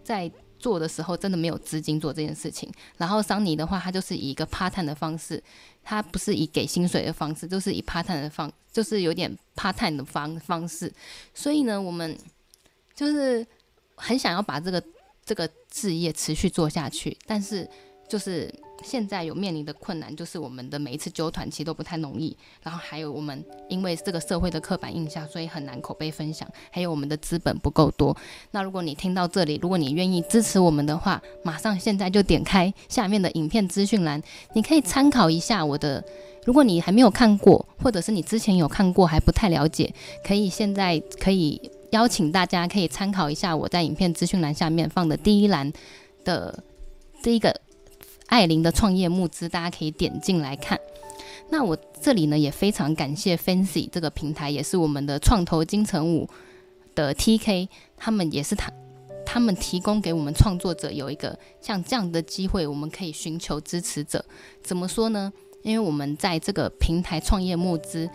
在做的時候真的沒有資金做這件事情。然後桑尼的話，他就是以一個 part-time 的方式，他不是以給薪水的方式，就是以 part-time 的方，就是有點 part-time 的方方式。所以呢，我們就是。很想要把這個這個事業持續做下去，但是就是現在有面臨的困難，就是我們的每一次揪團其實都不太容易，然後還有我們因為這個社會的刻板印象，所以很難口碑分享，還有我們的資本不夠多。那如果你聽到這裡，如果你願意支持我們的話，馬上現在就點開下面的影片資訊欄，你可以參考一下我的。如果你還沒有看過，或者是你之前有看過還不太了解，可以現在可以。邀請大家可以參考一下，我在影片資訊欄下面放的第一欄的第一個這個艾琳的創業募資，大家可以點進來看。那我這裡呢也非常感謝 Fansi 這個平台，也是我們的創投金城武的 TK，他們也是他他們提供給我們創作者有一個像這樣的機會，我們可以尋求支持者。怎麼說呢？因為我們在這個平台創業募資。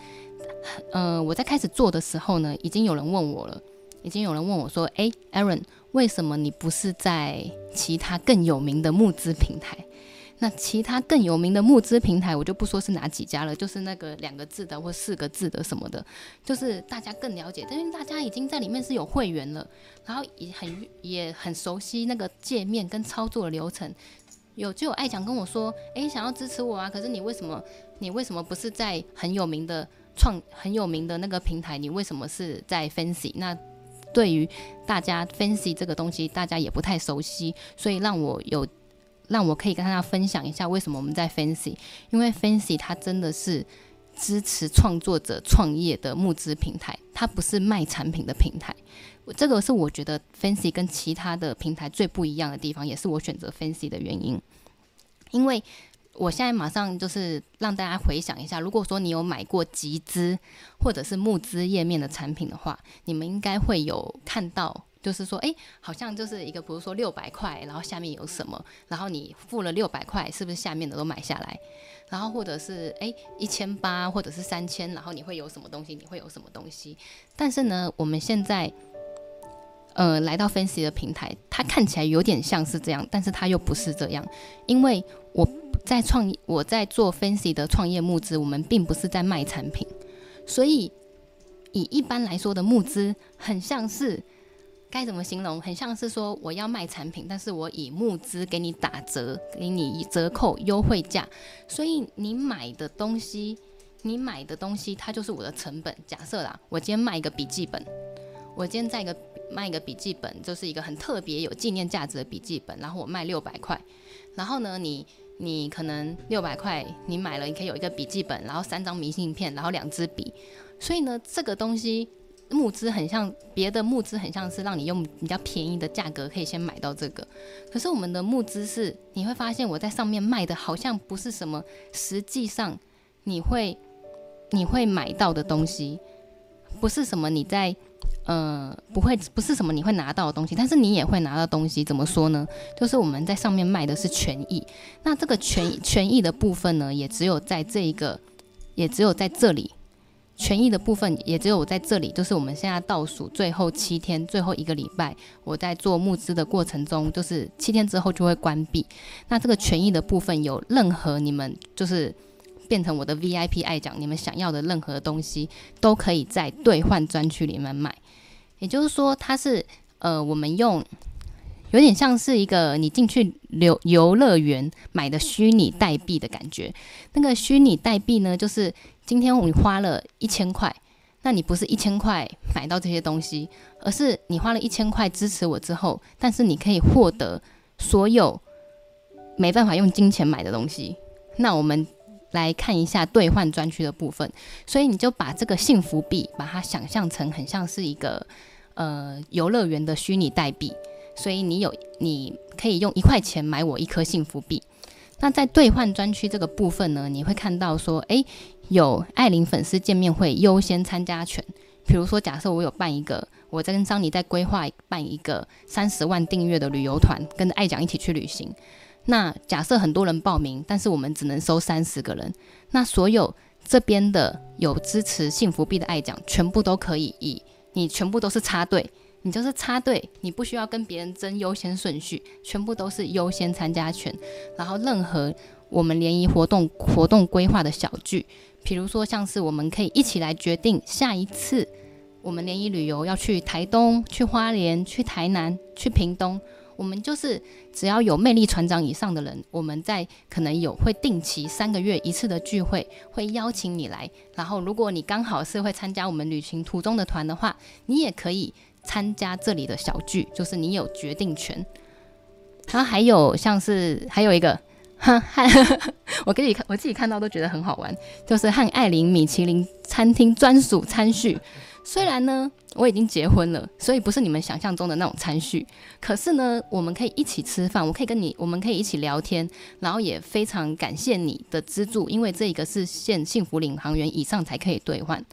呃，我在開始做的時候呢，已經有人問我了，已經有人問我說，誒，Erin 為什麼你不是在其他更有名的募資平台？那其他更有名的募資平台，我就不說是哪幾家了，就是那個兩個字的或四個字的什麼的，就是大家更了解，但因為大家已經在裡面是有會員了，然後也很也很熟悉那個界面跟操作的流程。有就有艾醬跟我說，誒，想要支持我啊，可是你為什麼你為什麼不是在很有名的？創很有名的那個平台，你為什麼是在 Fansi？那對於大家 Fansi 這個東西，大家也不太熟悉，所以讓我有讓我可以跟大家分享一下為什麼我們在 Fansi。因為 Fansi 它真的是支持創作者創業的募資平台，它不是賣產品的平台。這個是我覺得 Fansi 跟其他的平台最不一樣的地方，也是我選擇 Fansi 的原因。因為我現在馬上就是讓大家回想一下，如果說你有買過集資或者是募資頁面的產品的話，你們應該會有看到，就是說，哎、欸，好像就是一個，比如說六百塊，然後下面有什麼，然後你付了六百塊，是不是下面的都買下來？然後或者是哎一千八或者是三千，然後你會有什麼東西？你會有什麼東西？但是呢，我們現在，呃，來到 Fansi 的平台，它看起來有點像是這樣，但是它又不是這樣，因為我。在創業，我在做 Fansi 的創業募資，我們並不是在賣產品，所以以一般來說的募資，很像是該怎麼形容？很像是說我要賣產品，但是我以募資給你打折，給你折扣優惠價，所以你買的東西，你買的東西它就是我的成本。假設啦，我今天賣一個筆記本，我今天在一個賣一個筆記本，就是一個很特別有紀念價值的筆記本，然後我賣六百塊，然後呢你。你可能六百塊，你買了，你可以有一個筆記本，然後三張明信片，然後兩支筆。所以呢，這個東西募資很像別的募資，很像是讓你用比較便宜的價格可以先買到這個。可是我們的募資是，你會發現我在上面賣的好像不是什麼，實際上你會你會買到的東西不是什麼你在，呃、嗯，不會不是什麼你會拿到的東西，但是你也會拿到東西。怎麼說呢？就是我們在上面賣的是權益，那這個權權益的部分呢，也只有在這一個，也只有在這裡，權益的部分也只有在這裡。就是我們現在倒數最後七天，最後一個禮拜，我在做募資的過程中，就是七天之後就會關閉。那這個權益的部分，有任何你們就是變成我的 VIP 艾醬，你們想要的任何的東西，都可以在兌換專區裡面買。也就是說，它是呃，我們用有點像是一個你進去遊遊樂園買的虛擬代幣的感覺。那個虛擬代幣呢，就是今天我們花了一千塊，那你不是一千塊買到這些東西，而是你花了一千塊支持我之後，但是你可以獲得所有沒辦法用金錢買的東西。那我們。來看一下兌換專區的部分，所以你就把這個幸福幣，把它想象成很像是一個呃遊樂園的虛擬代幣，所以你有你可以用一塊錢買我一顆幸福幣。那在兌換專區這個部分呢，你會看到說，誒有艾琳粉絲見面會優先參加權。比如說，假設我有辦一個，我在跟桑尼在規劃辦一個三十萬訂閱的旅遊團，跟着艾醬一起去旅行。那假設很多人報名，但是我們只能收三十個人，那所有這邊的有支持幸福幣的艾醬，全部都可以以你全部都是插隊，你就是插隊，你不需要跟別人爭優先順序，全部都是優先參加權。然後任何我們聯誼活動活動規劃的小聚，比如說像是我們可以一起來決定下一次我們聯誼旅遊要去台東、去花蓮、去台南、去屏東。我們就是只要有魅力船長以上的人，我們在可能有會定期三個月一次的聚會，會邀請你來。然後，如果你剛好是會參加我們旅情途中的團的話，你也可以參加這裡的小聚，就是你有決定權。然後還有像是還有一個哈，我給你看，我自己看到都覺得很好玩，就是和艾琳米其林餐廳專屬餐敘。雖然呢，我已經結婚了，所以不是你們想象中的那種餐敘。可是呢，我們可以一起吃飯，我可以跟你，我們可以一起聊天，然後也非常感謝你的資助，因為這一個是限幸福領航員以上才可以兌換。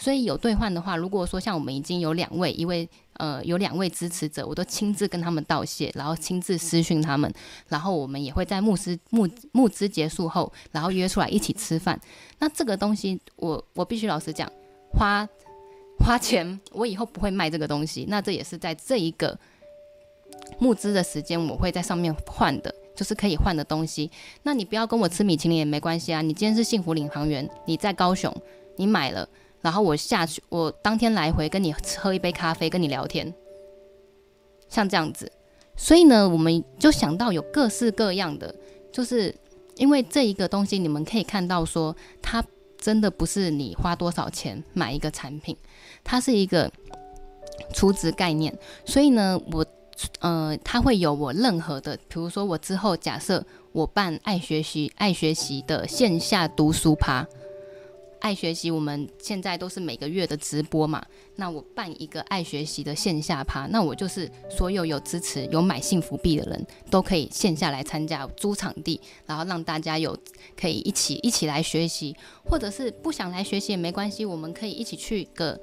所以有兌換的話，如果說像我們已經有兩位，一位呃有兩位支持者，我都親自跟他們道謝，然後親自私訊他們，然後我們也會在募資募募資結束後，然後約出來一起吃飯。那這個東西，我我必須老實講，花，花錢，我以後不會賣這個東西。那這也是在這一個募資的時間，我會在上面換的，就是可以換的東西。那你不要跟我吃米其林也沒關係啊。你今天是幸福領航員，你在高雄，你買了，然後我下去，我當天來回跟你喝一杯咖啡，跟你聊天，像這樣子。所以呢，我們就想到有各式各樣的，就是因為這一個東西，你們可以看到說，它真的不是你花多少錢買一個產品。它是一個儲值概念，所以呢，我，呃，它會有我任何的，比如說我之後假設我辦艾學習艾學習的線下讀書趴，艾學習我們現在都是每個月的直播嘛，那我辦一個艾學習的線下趴，那我就是所有有支持有買幸福幣的人都可以線下來參加，租場地，然後讓大家有可以一起一起來學習，或者是不想來學習也沒關係，我們可以一起去個。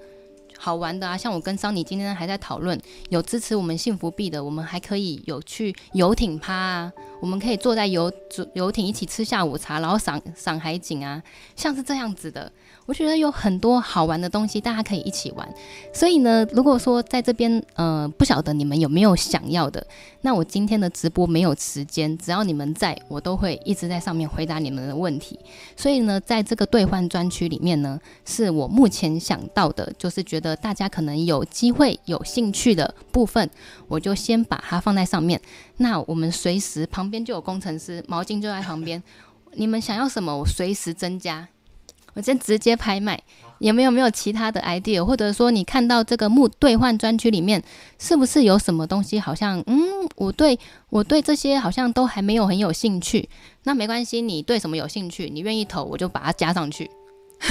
好玩的啊，像我跟桑尼今天還在討論，有支持我們幸福幣的，我們還可以有去遊艇趴啊。我們可以坐在遊遊，遊艇一起吃下午茶，然後賞賞海景啊，像是這樣子的。我覺得有很多好玩的東西，大家可以一起玩。所以呢，如果說在這邊，呃，不曉得你們有沒有想要的，那我今天的直播沒有時間，只要你們在，我都會一直在上面回答你們的問題。所以呢，在這個兌換專區裡面呢，是我目前想到的，就是覺得大家可能有機會、有興趣的部分，我就先把它放在上面。那我們隨時旁邊就有工程師，毛巾就在旁邊。 你們想要什麼，我隨時增加。我先直接拍賣。有沒有沒有其他的 idea，或者說你看到這個木兌換專區裡面，是不是有什麼東西？好像嗯，我對我對這些好像都還沒有很有興趣。那沒關係，你對什麼有興趣，你願意投，我就把它加上去。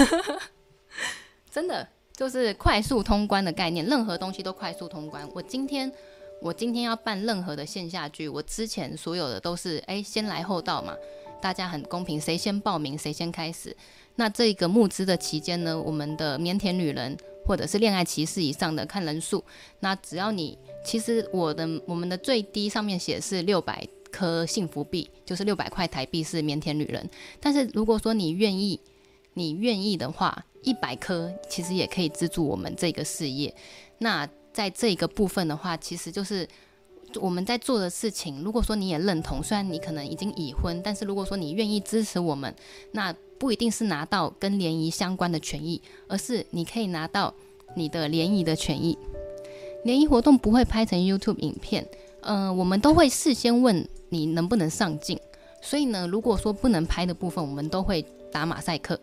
真的就是快速通關的概念，任何東西都快速通關。我今天。我今天要辦任何的線下劇，我之前所有的都是誒，先來後到嘛，大家很公平，誰先報名誰先開始。那這個募資的期間呢，我們的腼腆女人或者是戀愛騎士以上的看人數，那只要你，其實我的、我們的最低上面寫是六百顆幸福幣，就是六百塊台幣是腼腆女人，但是如果說你願意，你願意的話，一百顆其實也可以資助我們這個事業，那。在這個部分的話，其實就是我們在做的事情。如果說你也認同，雖然你可能已經已婚，但是如果說你願意支持我們，那不一定是拿到跟聯誼相關的權益，而是你可以拿到你的聯誼的權益。聯誼活動不會拍成 YouTube 影片，嗯、呃，我們都會事先問你能不能上鏡。所以呢，如果說不能拍的部分，我們都會打馬賽克。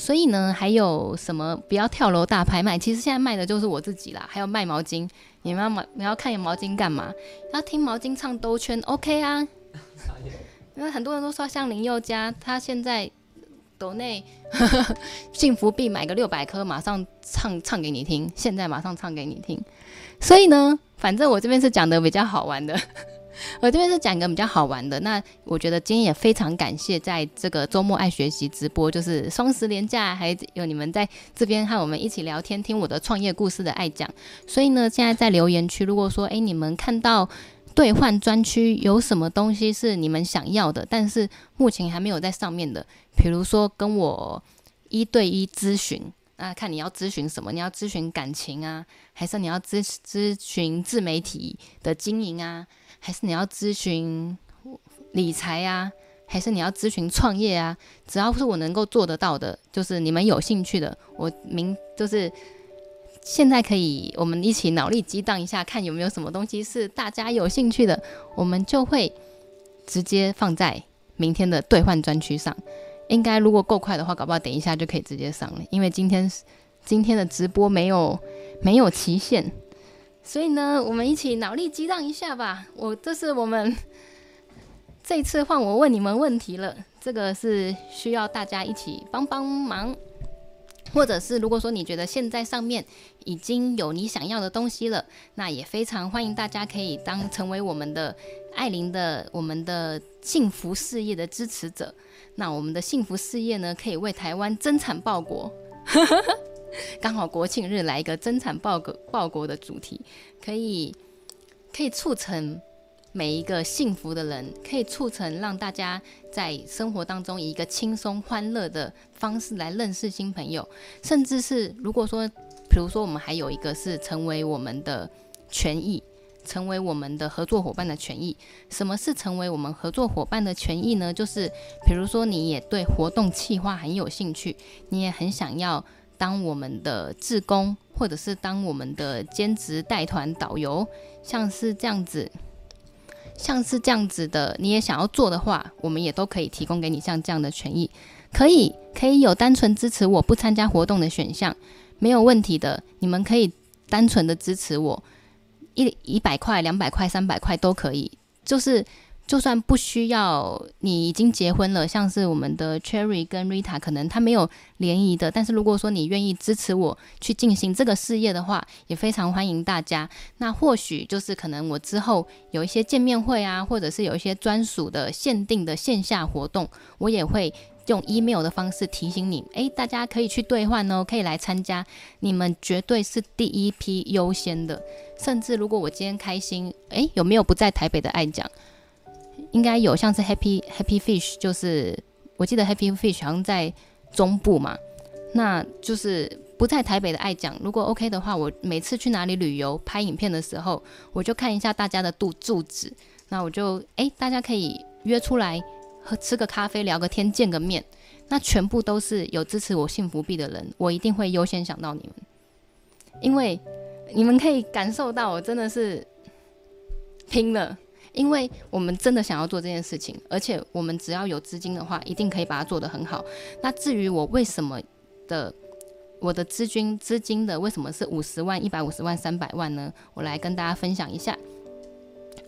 所以呢，還有什麼不要跳樓大拍賣？其實現在賣的就是我自己啦，還有賣毛巾。你們要買，你要看有毛巾幹嘛？要聽毛巾唱兜圈，OK 啊，啊？因為很多人都說像林宥嘉，他現在鬥內幸福幣買個六百顆，馬上唱唱給你聽。現在馬上唱給你聽。所以呢，反正我這邊是講的比較好玩的。我這邊是講一個比較好玩的，那我覺得今天也非常感謝在這個周末艾學習直播，就是雙十連假，還有你們在這邊和我們一起聊天、聽我的創業故事的艾醬。所以呢，現在在留言區，如果說哎、欸，你們看到兌換專區有什麼東西是你們想要的，但是目前還沒有在上面的，比如說跟我一對一諮詢。那、啊、看你要諮詢什麼？你要諮詢感情啊，還是你要諮諮詢自媒體的經營啊，還是你要諮詢理財啊，還是你要諮詢創業啊？只要是我能夠做得到的，就是你們有興趣的，我明就是現在可以我們一起腦力激盪一下，看有沒有什麼東西是大家有興趣的，我們就會直接放在明天的兌換專區上。應該如果夠快的話，搞不好等一下就可以直接上了。因為今天今天的直播沒有沒有期限，所以呢，我們一起腦力激盪一下吧。我這是我們這次換我問你們問題了，這個是需要大家一起幫幫忙，或者是如果說你覺得現在上面已經有你想要的東西了，那也非常歡迎大家可以當成為我們的。艾琳的，我們的幸福事業的支持者。那我們的幸福事業呢？可以為台灣增產報國。呵呵呵，剛好國慶日來一個增產報國，報國的主題，可以可以促成每一個幸福的人，可以促成讓大家在生活當中以一個輕鬆歡樂的方式來認識新朋友，甚至是如果說，比如說我們還有一個是成為我們的權益。成為我們的合作伙伴的權益，什麼是成為我們合作伙伴的權益呢？就是比如說，你也對活動企劃很有興趣，你也很想要當我們的志工，或者是當我們的兼職帶團導遊，像是這樣子，像是這樣子的，你也想要做的話，我們也都可以提供給你像這樣的權益。可以，可以有單純支持我不參加活動的選項，沒有問題的，你們可以單純的支持我。一一百塊、兩百塊、三百塊都可以，就是就算不需要，你已經結婚了，像是我們的 Cherry 跟 Rita，可能他沒有聯誼的，但是如果說你願意支持我去進行這個事業的話，也非常歡迎大家。那或許就是可能我之後有一些見面會啊，或者是有一些專屬的、限定的線下活動，我也會。用 email 的方式提醒你，誒，大家可以去兌換哦，可以來參加，你們絕對是第一批優先的。甚至如果我今天開心，誒，有沒有不在台北的艾醬？應該有，像是 Happy Happy Fish，就是我記得 Happy Fish 好像在中部嘛，那就是不在台北的艾醬。如果 OK 的話，我每次去哪裡旅遊拍影片的時候，我就看一下大家的度、住址，那我就誒，大家可以約出來。喝吃個咖啡，聊個天，見個面，那全部都是有支持我幸福幣的人，我一定會優先想到你們，因為你們可以感受到我真的是拼了，因為我們真的想要做這件事情，而且我們只要有資金的話，一定可以把它做得很好。那至於我為什麼的我的資金資金的為什麼是五十萬、一百五十萬、三百萬呢？我來跟大家分享一下，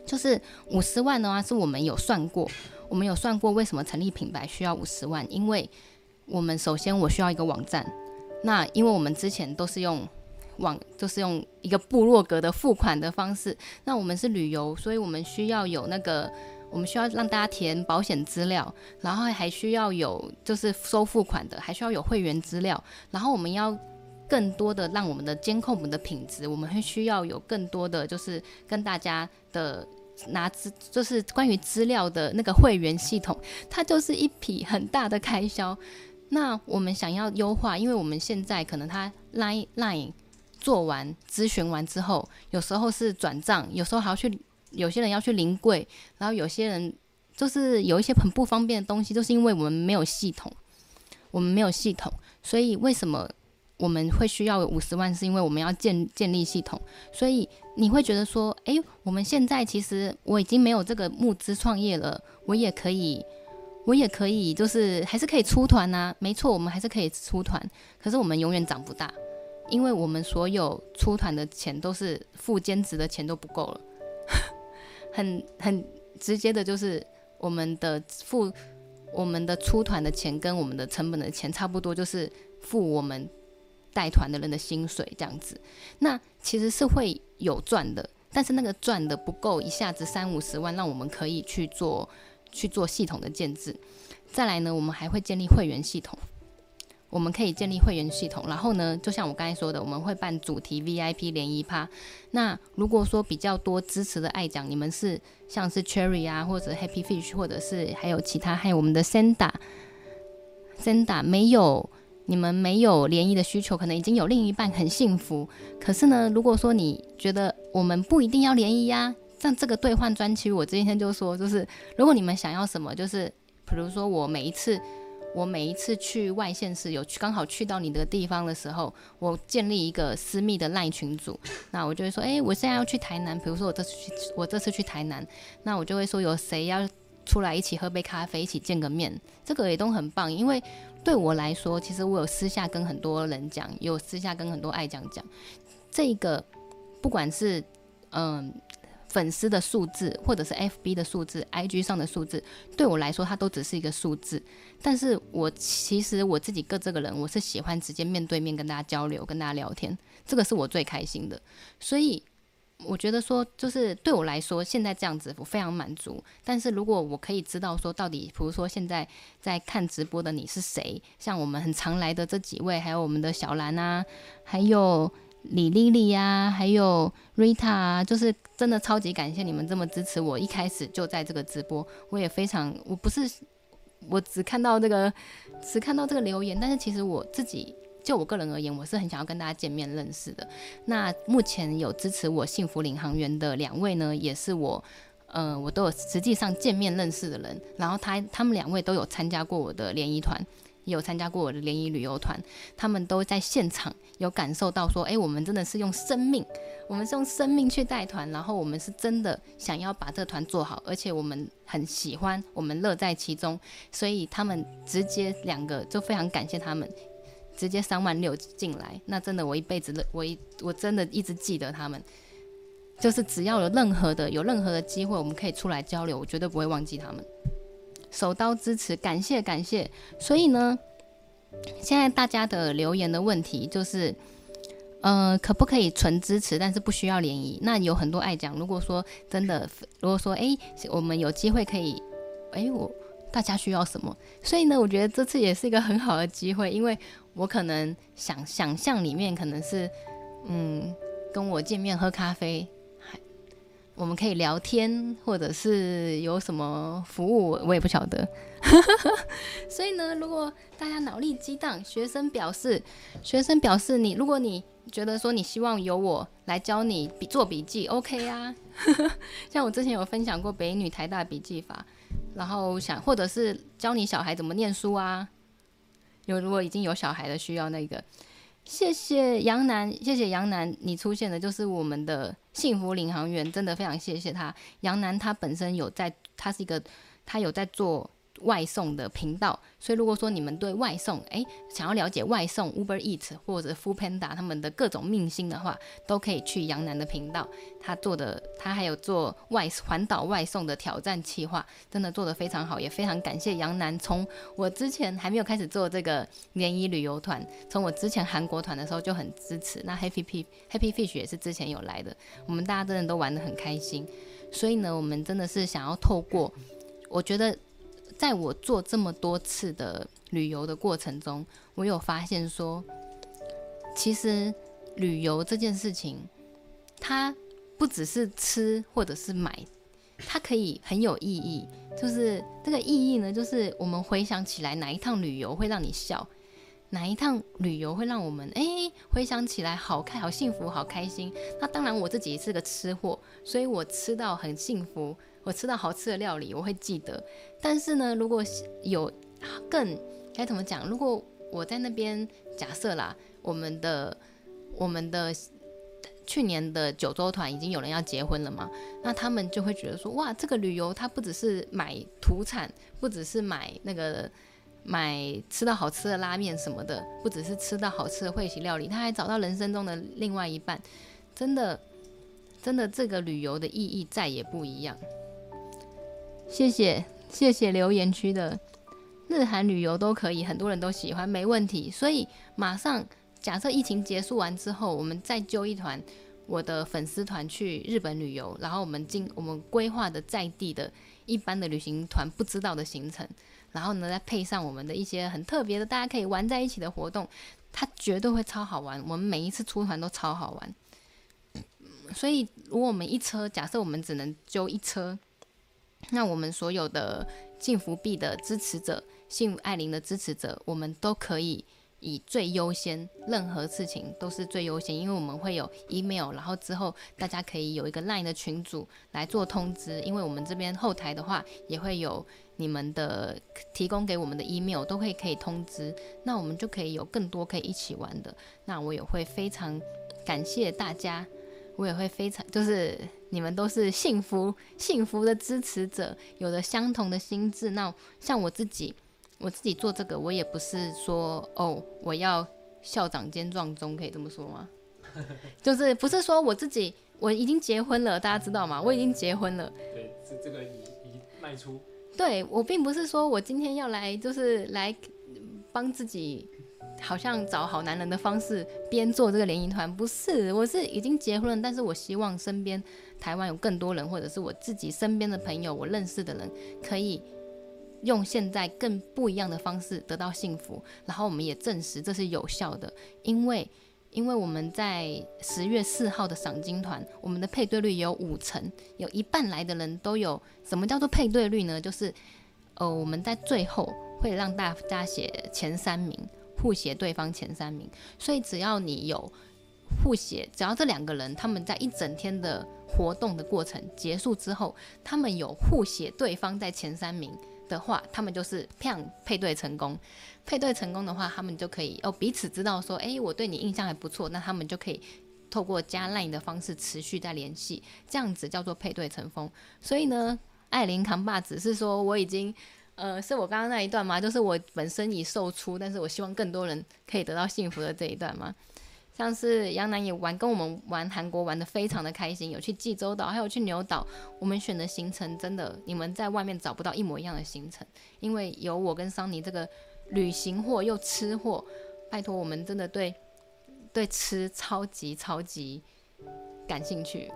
就是五十萬的話是我們有算過。我們有算過，為什麼成立品牌需要五十萬？因為，我們首先我需要一個網站。那因為我們之前都是用網，都、就是用一個部落格的付款的方式。那我們是旅遊，所以我們需要有那個，我們需要讓大家填保險資料，然後還需要有就是收付款的，還需要有會員資料。然後我們要更多的讓我們的監控我們的品質，我們會需要有更多的就是跟大家的。拿資就是關於資料的那個會員系統，它就是一筆很大的開銷。那我們想要優化，因為我們現在可能他 Line Line 做完諮詢完之後，有時候是轉賬，有時候還要去有些人要去臨櫃，然後有些人就是有一些很不方便的東西，就是因為我們沒有系統，我們沒有系統，所以為什麼？我們會需要五十萬，是因為我們要建建立系統，所以你會覺得說，哎，我們現在其實我已經沒有這個募資創業了，我也可以，我也可以，就是還是可以出團吶、啊，沒錯，我們還是可以出團，可是我們永遠長不大，因為我們所有出團的錢都是付兼職的錢都不夠了， 很很直接的就是我們的付我們的出團的錢跟我們的成本的錢差不多，就是付我們。帶團的人的薪水這樣子，那其實是會有賺的，但是那個賺的不夠，一下子三五十萬，讓我們可以去做去做系統的建制。再來呢，我們還會建立會員系統，我們可以建立會員系統。然後呢，就像我剛才說的，我們會辦主題 VIP 聯誼趴。那如果說比較多支持的艾醬，你們是像是 Cherry 啊，或者 Happy Fish，或者是還有其他，還有我們的 Sanda，Sanda 沒有。你們沒有聯誼的需求，可能已經有另一半很幸福。可是呢，如果說你覺得我們不一定要聯誼呀、啊，像這個兌換專區，我今天就說，就是如果你們想要什麼，就是比如說我每一次，我每一次去外縣市有剛好去到你的地方的時候，我建立一個私密的賴群組，那我就會說，哎，我現在要去台南，比如說我這次去，我這次去台南，那我就會說，有誰要出來一起喝杯咖啡，一起見個面，這個也都很棒，因為。對我來說，其實我有私下跟很多人講，有私下跟很多艾醬講。這個不管是嗯、呃、粉絲的數字，或者是 FB 的數字、IG 上的數字，對我來說，它都只是一個數字。但是我其實我自己個這個人，我是喜歡直接面對面跟大家交流，跟大家聊天，這個是我最開心的。所以。我覺得說，就是對我來說，現在這樣子我非常滿足。但是如果我可以知道說，到底，比如說現在在看直播的你是誰，像我們很常來的這幾位，還有我們的小蘭啊，還有李麗麗呀，還有 Rita 啊，就是真的超級感謝你們這麼支持我。一開始就在這個直播，我也非常，我不是，我只看到這個，只看到這個留言，但是其實我自己。就我個人而言，我是很想要跟大家見面認識的。那目前有支持我幸福領航員的兩位呢，也是我，呃，我都有實際上見面認識的人。然後他他們兩位都有參加過我的聯誼團，有參加過我的聯誼旅遊團。他們都在現場有感受到說，哎、欸，我們真的是用生命，我們是用生命去帶團，然後我們是真的想要把這團做好，而且我們很喜歡，我們樂在其中。所以他們直接兩個就非常感謝他們。直接三萬六進來，那真的我一輩子，我一我真的一直記得他們，就是只要有任何的有任何的機會，我們可以出來交流，我絕對不會忘記他們。手刀支持，感謝感謝。所以呢，現在大家的留言的問題就是，呃，可不可以純支持，但是不需要聯誼？那有很多艾醬，如果說真的，如果說哎、欸，我們有機會可以，哎、欸，我大家需要什麼？所以呢，我覺得這次也是一個很好的機會，因為我可能想想象裡面可能是，嗯，跟我見面喝咖啡，我們可以聊天，或者是有什麼服務，我也不曉得。 所以呢，如果大家腦力激盪，學生表示，學生表示你，你如果你覺得說你希望由我來教你筆做筆記，OK 啊， 像我之前有分享過北女台大筆記法，然後想或者是教你小孩怎麼念書啊。有，如果已經有小孩的需要那個，謝謝楊楠，謝謝楊楠，你出現的就是我們的幸福領航員，真的非常謝謝他。楊楠他本身有在，他是一個，他有在做。外送的頻道，所以如果說你們對外送，誒、欸、想要了解外送 Uber Eats 或者 Food Panda 他們的各種命星的話，都可以去楊楠的頻道。他做的，他還有做外環島外送的挑戰計劃，真的做得非常好，也非常感謝楊楠。從我之前還沒有開始做這個聯誼旅遊團，從我之前韓國團的時候就很支持。那 Happy Happy Fish 也是之前有來的，我們大家真的都玩得很開心。所以呢，我們真的是想要透過，我覺得。在我做這麼多次的旅遊的過程中，我有發現說，其實旅遊這件事情，它不只是吃或者是買，它可以很有意義。就是這個意義呢，就是我們回想起來哪一趟旅遊會讓你笑，哪一趟旅遊會讓我們哎、欸、回想起來好看、好幸福、好開心。那當然我自己是個吃貨，所以我吃到很幸福。我吃到好吃的料理，我會記得。但是呢，如果有更該怎麼講？如果我在那邊，假設啦，我們的我們的去年的九州團已經有人要結婚了嘛，那他們就會覺得說，哇，這個旅遊它不只是買土產，不只是買那個買吃到好吃的拉麵什麼的，不只是吃到好吃的會席料理，他還找到人生中的另外一半，真的真的，這個旅遊的意義再也不一樣。謝謝謝謝留言區的日韓旅遊都可以，很多人都喜歡，沒問題。所以馬上假設疫情結束完之後，我們再揪一團我的粉絲團去日本旅遊，然後我們進我們規劃的在地的一般的旅行團不知道的行程，然後呢，再配上我們的一些很特別的，大家可以玩在一起的活動，它絕對會超好玩。我們每一次出團都超好玩。所以如果我們一車，假設我們只能揪一車。那我們所有的幸福幣的支持者，幸福艾琳的支持者，我們都可以以最優先，任何事情都是最優先，因為我們會有 email，然後之後大家可以有一個 line 的群組來做通知，因為我們這邊後台的話也會有你們的提供給我們的 email，都會可以通知，那我們就可以有更多可以一起玩的，那我也會非常感謝大家。我也會非常，就是你們都是幸福、幸福的支持者，有着相同的心智。那像我自己，我自己做這個，我也不是說哦，我要校長兼撞鐘，可以這麼說嗎？ 就是不是說我自己，我已經結婚了，大家知道嗎？我已經結婚了。嗯嗯、對，是這，這個已已賣出。對，我並不是說我今天要來，就是來幫自己。好像找好男人的方式，邊做這個聯誼團不是，我是已經結婚了，但是我希望身邊台灣有更多人，或者是我自己身邊的朋友，我認識的人可以用現在更不一樣的方式得到幸福。然後我們也證實這是有效的，因為因為我們在十月四號的賞金團，我們的配對率有五成，有一半來的人都有。什麼叫做配對率呢？就是呃，我們在最後會讓大家寫前三名。互寫對方前三名，所以只要你有互寫，只要這兩個人他們在一整天的活動的過程結束之後，他們有互寫對方在前三名的話，他們就是啪，配對成功。配對成功的話，他們就可以哦彼此知道說，哎，我對你印象還不錯，那他們就可以透過加 line 的方式持續在聯繫，這樣子叫做配對成功。所以呢，艾琳扛把子是說我已經。呃，是我剛剛那一段嗎？就是我本身已售出，但是我希望更多人可以得到幸福的這一段嗎？像是楊楠也玩，跟我們玩韓國玩得非常的開心，有去濟州島，還有去牛島，我們選的行程真的，你們在外面找不到一模一樣的行程，因為有我跟桑尼這個旅行貨又吃貨，拜託我們真的對對吃超級超級感興趣。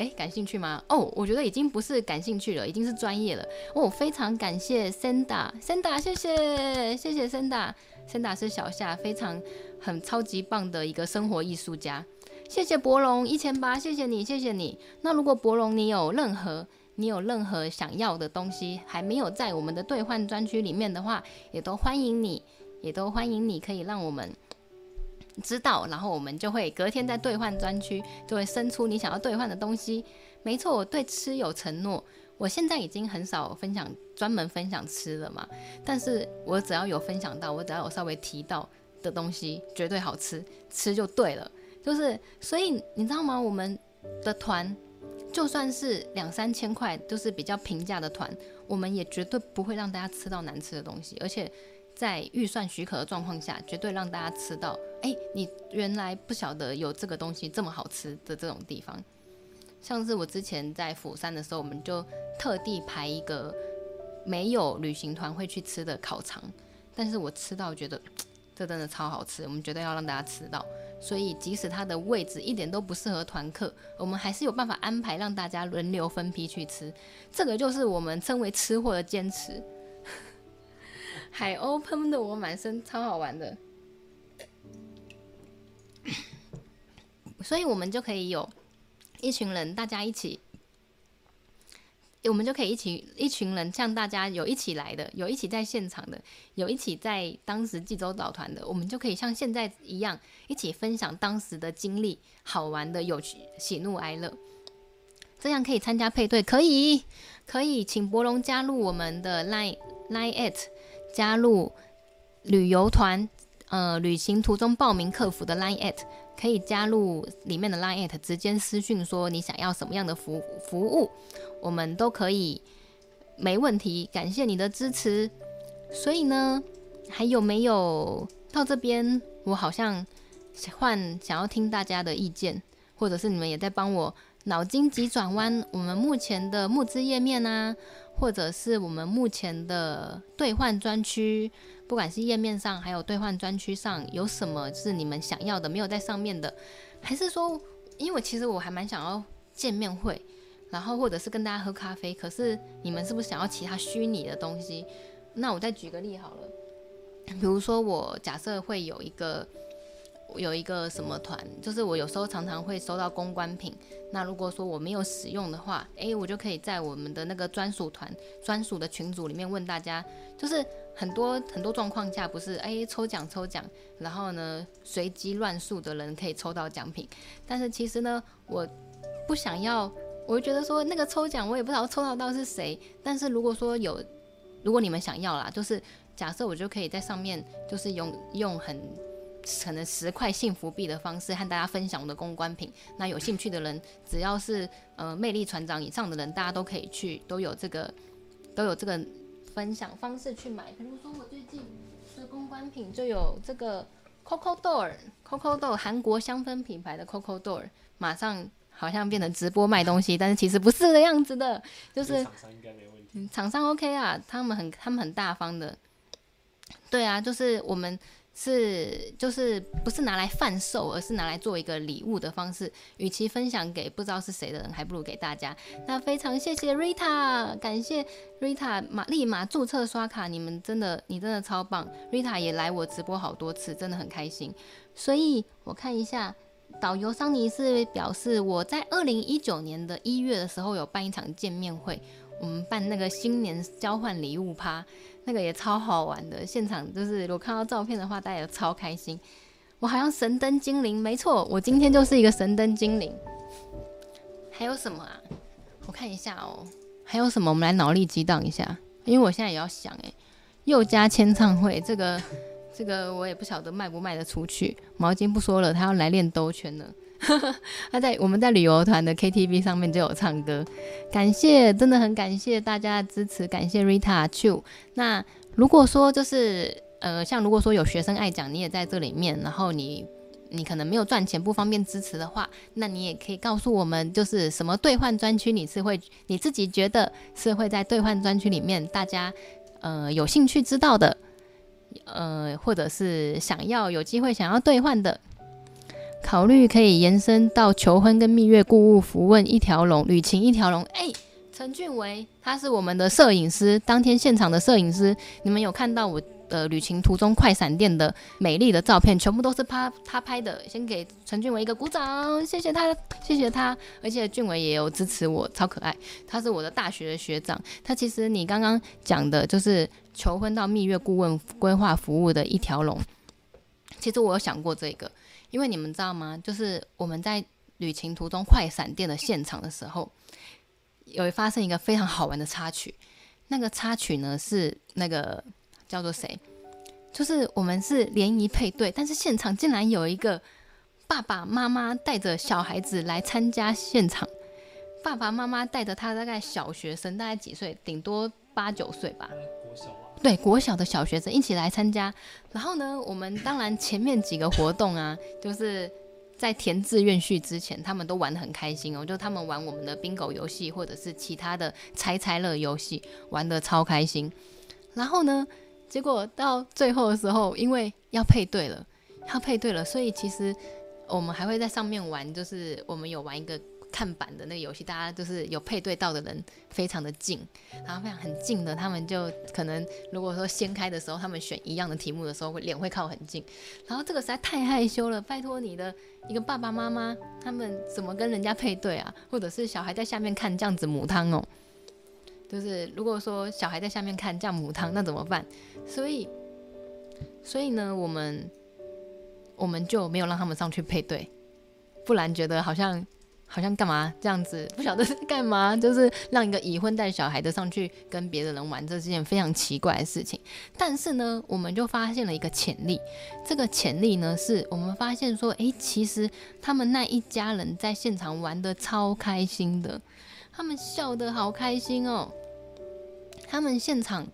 哎，感興趣嗎？哦、oh，我覺得已經不是感興趣了，已經是專業了哦。Oh, 非常感謝森達，森達，謝謝，謝謝森達，森達是小夏，非常很超級棒的一個生活藝術家。謝謝博龍一千八，18, 謝謝你，謝謝你。那如果博龍你有任何，你有任何想要的東西還沒有在我們的兌換專區裡面的話，也都歡迎你，也都歡迎你可以讓我們。知道，然後我們就會隔天在兌換專區就會生出你想要兌換的東西。沒錯，我對吃有承諾。我現在已經很少分享，專門分享吃了嘛。但是我只要有分享到，我只要有稍微提到的東西，絕對好吃，吃就對了。就是，所以你知道嗎？我們的團就算是兩三千塊，就是比較平價的團，我們也絕對不會讓大家吃到難吃的東西，而且。在預算許可的狀況下，絕對讓大家吃到。哎、欸，你原來不曉得有這個東西這麼好吃的這種地方。像是我之前在釜山的時候，我們就特地排一個沒有旅行團會去吃的烤腸，但是我吃到覺得這真的超好吃，我們絕對要讓大家吃到。所以即使它的位置一點都不適合團客，我們還是有辦法安排讓大家輪流分批去吃。這個就是我們稱為吃貨的堅持。海鷗噴的我滿身超好玩的， 所以我們就可以有一群人大家一起，我們就可以一起一群人像大家有一起來的，有一起在現場的，有一起在當時濟州島團的，我們就可以像現在一樣一起分享當時的經歷，好玩的有趣喜怒哀樂。這樣可以參加配對，可以可以，請博龍加入我們的 line line at。加入旅遊團，呃，旅情途中報名客服的 LINE@ 可以加入裡面的 LINE@，直接私訊說你想要什麼樣的服服務，我們都可以，沒問題。感謝你的支持。所以呢，還有沒有到這邊？我好像換想要聽大家的意見，或者是你們也在幫我腦筋急轉彎。我們目前的募資頁面呢、啊？或者是我們目前的兌換專區，不管是頁面上，還有兌換專區上有什麼是你們想要的，沒有在上面的，還是說，因為其實我還蠻想要見面會，然後或者是跟大家喝咖啡。可是你們是不是想要其他虛擬的東西？那我再舉個例好了，比如說我假設會有一個。有一個什麼團，就是我有時候常常會收到公關品。那如果說我沒有使用的話，哎，我就可以在我們的那個專屬團、專屬的群組裡面問大家。就是很多很多狀況下，不是哎抽獎抽獎，然後呢隨機亂數的人可以抽到獎品。但是其實呢，我不想要，我就覺得說那個抽獎我也不知道抽到到是誰。但是如果說有，如果你們想要啦，就是假設我就可以在上面，就是用用很。可能十塊幸福幣的方式和大家分享我的公關品。那有興趣的人，只要是呃魅力船長以上的人，大家都可以去，都有這個都有這個分享方式去買。比如說我最近的公關品就有這個 Coco Door，Coco Door 韓國香氛品牌的 Coco Door。馬上好像變成直播賣東西，但是其實不是這樣子的，就是廠商應該沒問題。嗯，廠商 OK 啊，他們很他們很大方的。對啊，就是我們。是，就是不是拿來販售，而是拿來做一個禮物的方式。與其分享給不知道是誰的人，還不如給大家。那非常謝謝 Rita，感謝 Rita 馬立馬註冊刷卡，你們真的，你真的超棒。Rita 也來我直播好多次，真的很開心。所以我看一下，導遊桑尼是表示，我在二零一九年的一月的時候有辦一場見面會，我們辦那個新年交換禮物趴。那個也超好玩的，現場就是如果看到照片的話，大家也超開心。我好像神燈精靈，沒錯，我今天就是一個神燈精靈、嗯。還有什麼啊？我看一下哦，喔，還有什麼？我們來腦力激盪一下，因為我現在也要想誒、欸，佑嘉簽唱會這個這個我也不曉得賣不賣得出去。毛巾不說了，他要來練兜圈了。 他在我們在旅遊團的 KTV 上面就有唱歌，感謝真的很感謝大家的支持，感謝 Rita Chiu。那如果說就是呃，像如果說有學生艾醬，你也在這裡面，然後你你可能沒有賺錢不方便支持的話，那你也可以告訴我們，就是什麼兌換專區，你是會你自己覺得是會在兌換專區裡面，大家呃有興趣知道的，呃或者是想要有機會想要兌換的。考慮可以延伸到求婚跟蜜月服務、購物、顧問一條龍旅行一條龍。哎、欸，陳俊維他是我們的攝影師，當天現場的攝影師，你們有看到我的、呃、旅行途中快閃店的美麗的照片，全部都是他他拍的。先給陳俊維一個鼓掌，謝謝他，謝謝他。而且俊維也有支持我，超可愛。他是我的大學的學長，他其實你剛剛講的就是求婚到蜜月顧問規劃服務的一條龍。其實我有想過這個。因為你們知道嗎？就是我們在旅情途中快閃店的現場的時候，有發生一個非常好玩的插曲。那個插曲呢，是那個叫做誰？就是我們是聯誼配對，但是現場竟然有一個爸爸媽媽帶着小孩子來參加現場。爸爸媽媽帶着他，大概小學生，大概幾歲？頂多八九歲吧。對國小的小學生一起來參加，然後呢，我們當然前面幾個活動啊， 就是在填志願序之前，他們都玩得很開心哦、喔，就他們玩我們的 bingo 狗遊戲或者是其他的猜猜樂遊戲，玩得超開心。然後呢，結果到最後的時候，因為要配對了，要配對了，所以其實我們還會在上面玩，就是我們有玩一個。看板的那個遊戲，大家就是有配對到的人非常的近，然後非常很近的，他們就可能如果說掀開的時候，他們選一樣的題目的時候，會臉會靠很近。然後這個實在太害羞了，拜託你的一個爸爸媽媽，他們怎麼跟人家配對啊？或者是小孩在下面看這樣子母湯喔，就是如果說小孩在下面看這樣母湯，那怎麼辦？所以，所以呢，我們我們就沒有讓他們上去配對，不然覺得好像。好像幹嘛這樣子，不曉得是幹嘛，就是讓一個已婚帶小孩的上去跟別的人玩，這是件非常奇怪的事情。但是呢，我們就發現了一個潛力，這個潛力呢，是我們發現說，哎，其實他們那一家人在現場玩得超開心的，他們笑得好開心哦，他們現場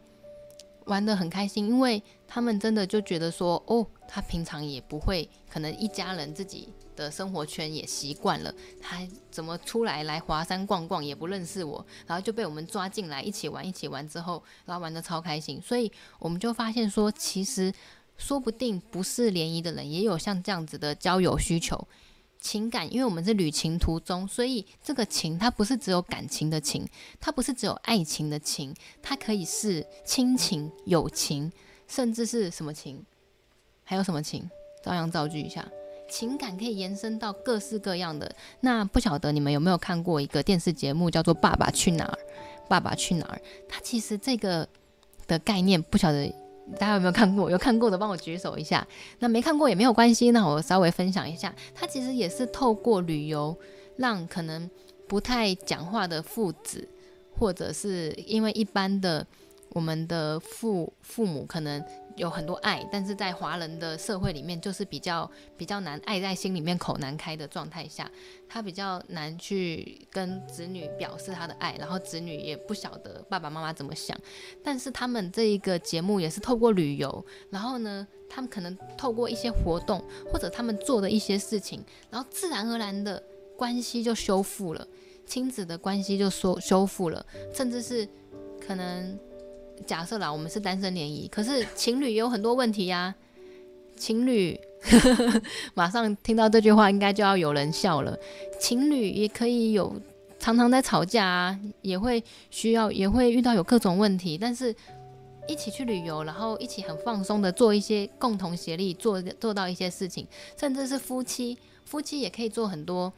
玩得很開心，因為他們真的就覺得說，哦，他平常也不會，可能一家人自己。的生活圈也習慣了，他怎麼出來來華山逛逛也不認識我，然後就被我們抓進來一起玩，一起玩之後，然後玩得超開心，所以我們就發現說，其實說不定不是聯誼的人也有像這樣子的交友需求，情感，因為我們是旅情途中，所以這個情它不是只有感情的情，它不是只有愛情的情，它可以是親情、友情，甚至是什麼情，還有什麼情，照樣造句一下。情感可以延伸到各式各樣的。那不曉得你們有沒有看過一個電視節目，叫做《爸爸去哪兒》？《爸爸去哪兒》它其實這個的概念，不曉得大家有沒有看過？有看過的幫我舉手一下。那沒看過也沒有關係。那我稍微分享一下，它其實也是透過旅遊，讓可能不太講話的父子，或者是因為一般的我們的父父母可能。有很多愛，但是在華人的社會裡面，就是比較比較難愛在心裡面，口難開的狀態下，他比較難去跟子女表示他的愛，然後子女也不曉得爸爸媽媽怎麼想。但是他們這一個節目也是透過旅遊，然後呢，他們可能透過一些活動或者他們做的一些事情，然後自然而然的關係就修復了，親子的關係就修修復了，甚至是可能。假設啦，我們是單身聯誼，可是情侶有很多問題呀、啊。情侶呵呵馬上聽到這句話，應該就要有人笑了。情侶也可以有常常在吵架啊，也會需要，也會遇到有各種問題，但是一起去旅遊，然後一起很放鬆的做一些共同協力，做做到一些事情，甚至是夫妻，夫妻也可以做很多，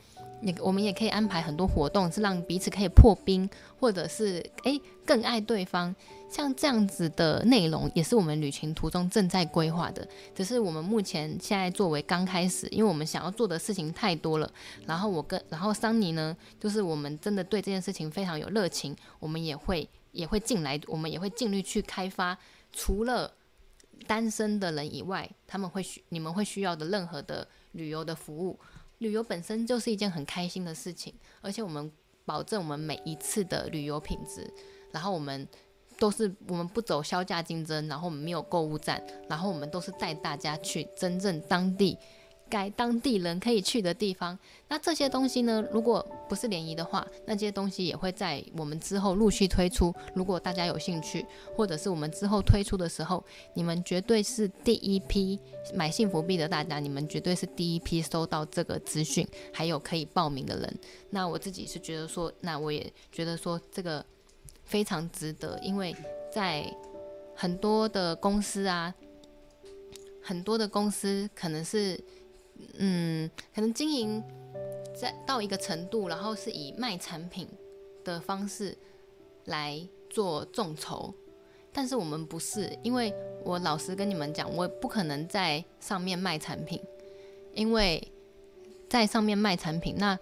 也我們也可以安排很多活動，是讓彼此可以破冰，或者是誒更愛對方。像這樣子的內容也是我們旅情途中正在規劃的，只是我們目前現在作為剛開始，因為我們想要做的事情太多了。然後我跟然後桑尼呢，就是我們真的對這件事情非常有熱情，我們也會也會進來，我們也會盡力去開發除了單身的人以外，他們會需你們會需要的任何的旅遊的服務。旅遊本身就是一件很開心的事情，而且我們保證我們每一次的旅遊品質。然後我們。都是我們不走削價競爭，然後我們沒有購物站，然後我們都是帶大家去真正當地該當地人可以去的地方。那這些東西呢，如果不是聯誼的話，那些東西也會在我們之後陸續推出。如果大家有興趣，或者是我們之後推出的時候，你們絕對是第一批買幸福幣的大家，你們絕對是第一批收到這個資訊還有可以報名的人。那我自己是覺得說，那我也覺得說這個。非常值得，因為在很多的公司啊，很多的公司可能是，嗯，可能經營在到一個程度，然後是以賣產品的方式來做眾籌，但是我們不是，因為我老實跟你們講，我不可能在上面賣產品，因為在上面賣產品那。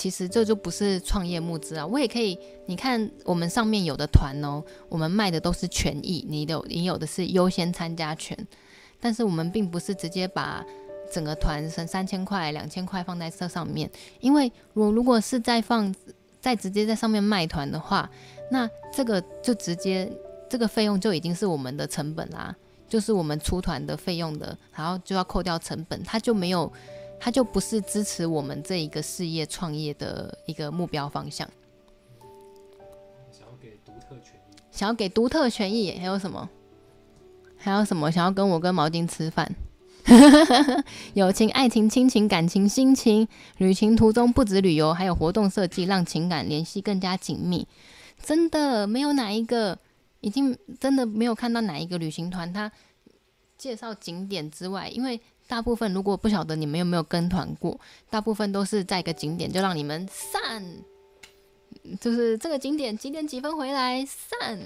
其實這就不是創業募資啊，我也可以。你看我們上面有的團哦，我們賣的都是權益，你有你有的是優先參加權，但是我們並不是直接把整個團成三千塊、兩千塊放在這上面，因為我如果是在放、再直接在上面賣團的話，那這個就直接這個費用就已經是我們的成本啦，就是我們出團的費用的，然後就要扣掉成本，它就沒有。他就不是支持我們這一個事業創業的一個目標方向。想要給獨特權益，想要給獨特權益，還有什麼？還有什麼？想要跟我跟毛巾吃飯？友 情、愛情、親情、感情、心情，旅行途中不止旅遊，還有活動設計，讓情感聯繫更加緊密。真的沒有哪一個，已經真的沒有看到哪一個旅行團，他介紹景點之外，因為。大部分，如果不曉得你們有沒有跟團過，大部分都是在一個景點就讓你們散，就是這個景點幾點幾分回來散。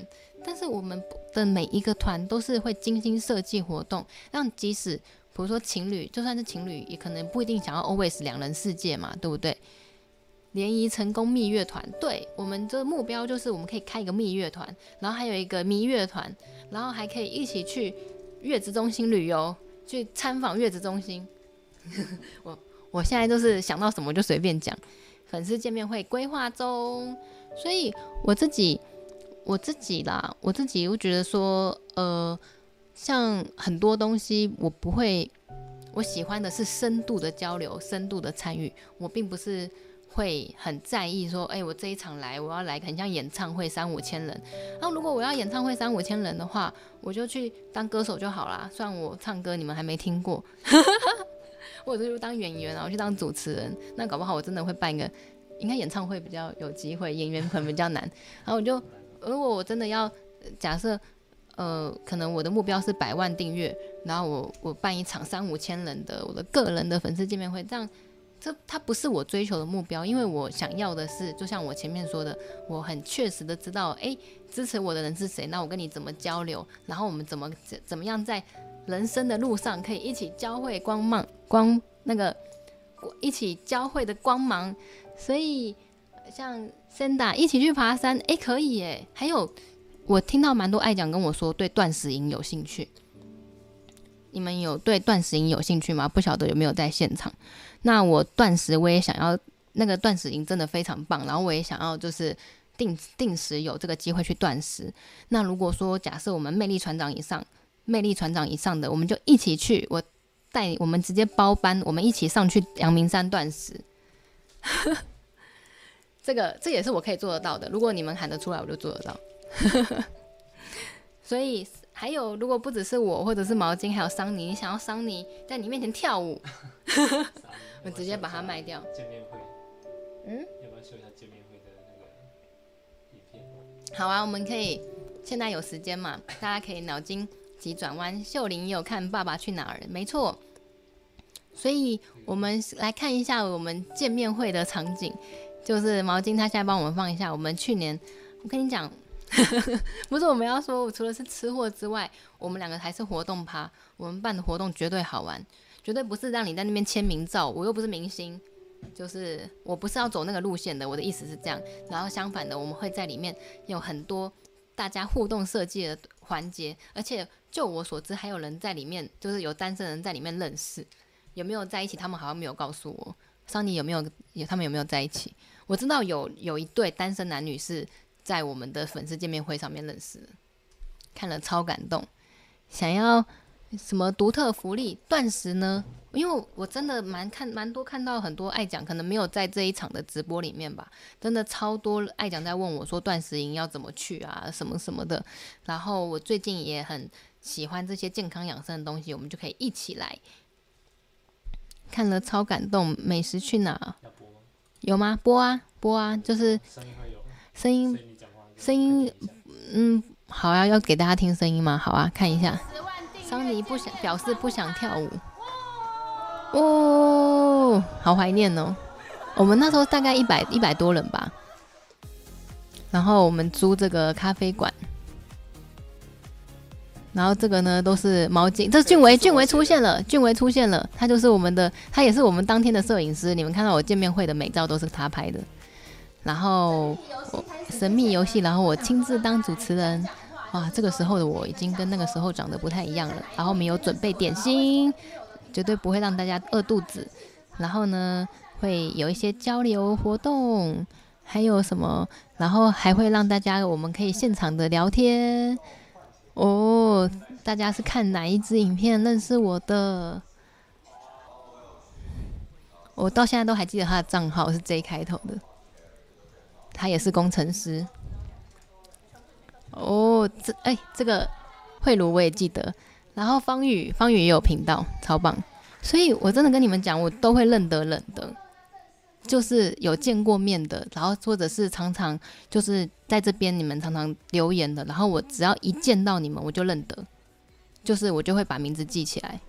但是我們的每一個團都是會精心設計活動，讓即使比如說情侶，就算是情侶，也可能不一定想要 always 兩人世界嘛，對不對？聯誼成功蜜月團，對，我們的目標就是我們可以開一個蜜月團，然後還有一個蜜月團，然後還可以一起去月子中心旅遊。去參訪月子中心。 我我現在就是想到什麼就隨便講，粉絲見面會規劃中，所以我自己我自己啦，我自己又覺得說，呃，像很多東西我不會，我喜歡的是深度的交流，深度的參與，我並不是。會很在意說，哎、欸，我這一場來，我要來很像演唱會三五千人。然後如果我要演唱會三五千人的話，我就去當歌手就好啦。雖然我唱歌你們還沒聽過， 我就是當演員然後我去當主持人。那搞不好我真的會辦一個，應該演唱會比較有機會，演員可能比較難。然後我就，如果我真的要假設，呃，可能我的目標是百萬訂閱，然後我我辦一場三五千人的我的個人的粉絲見面會，這樣。這它，不是我追求的目標，因為我想要的是，就像我前面說的，我很確實的知道，哎，支持我的人是誰，那我跟你怎麼交流，然後我們怎麼怎,怎麼樣在人生的路上可以一起交匯光芒，光那個一起交匯的光芒，所以像森達一起去爬山，哎，可以哎，還有我聽到蠻多艾醬跟我說，對斷食營有興趣。你們有對斷食營有興趣嗎？不曉得有沒有在現場。那我斷食，我也想要那個斷食營，真的非常棒。然後我也想要，就是定定時有這個機會去斷食。那如果說假設我們魅力船長以上，魅力船長以上的，我們就一起去，我帶我們直接包班，我們一起上去陽明山斷食。 這個這也是我可以做得到的。如果你們喊得出來，我就做得到。 所以。還有，如果不只是我，或者是毛巾，還有桑尼，你想要桑尼在你面前跳舞， 我直接把它賣掉。有有見面會，嗯，要不要秀一下見面會的那個影片？好啊，我們可以現在有時間嘛？大家可以腦筋急轉彎。秀玲也有看《爸爸去哪兒》？沒錯，所以我們來看一下我們見面會的場景，就是毛巾，他現在幫我們放一下。我們去年，我跟你講。 不是我們要說，我除了是吃貨之外，我們兩個還是活動趴。我們辦的活動絕對好玩，絕對不是讓你在那邊簽名照。我又不是明星，就是我不是要走那個路線的。我的意思是這樣。然後相反的，我們會在裡面有很多大家互動設計的環節。而且就我所知，還有人在裡面，就是有單身的人在裡面認識。有沒有在一起？他們好像沒有告訴我。桑尼有沒有？有，他們有沒有在一起？我知道有有一對單身男女是。在我們的粉絲見面會上面認識，看了超感動，想要什麼獨特福利？斷食呢？因為我真的蠻看蠻多，看到很多艾醬，可能沒有在這一場的直播裡面吧，真的超多艾醬在問我說斷食營要怎麼去啊，什麼什麼的。然後我最近也很喜歡這些健康養生的東西，我們就可以一起來。看了超感動，美食去哪？有嗎？播啊播啊，播啊，就是聲音還有聲音。聲音，嗯，好啊，要給大家聽聲音嗎？好啊，看一下。桑尼不想表示不想跳舞。哦，好懷念哦！我們那時候大概一百一百多人吧。然後我們租這個咖啡館。然後這個呢都是毛巾。這是俊偉俊偉出現了，俊偉出現了，他就是我們的，他也是我們當天的攝影師。你們看到我見面會的美照都是他拍的。然後我神秘遊戲，然後我親自當主持人。哇、啊，這個時候的我已經跟那個時候長得不太一樣了。然後沒有準備點心，絕對不會讓大家餓肚子。然後呢，會有一些交流活動，還有什麼？然後還會讓大家，我們可以現場的聊天。哦，大家是看哪一支影片認識我的？我到現在都還記得他的賬號是 J 開頭的。他也是工程師，哦、oh，這、欸、哎，這個慧茹我也記得，然後方宇，方宇也有頻道，超棒。所以，我真的跟你們講，我都會認得認的，就是有見過面的，然後或者是常常就是在這邊你們常常留言的，然後我只要一見到你們，我就認得，就是我就會把名字記起來。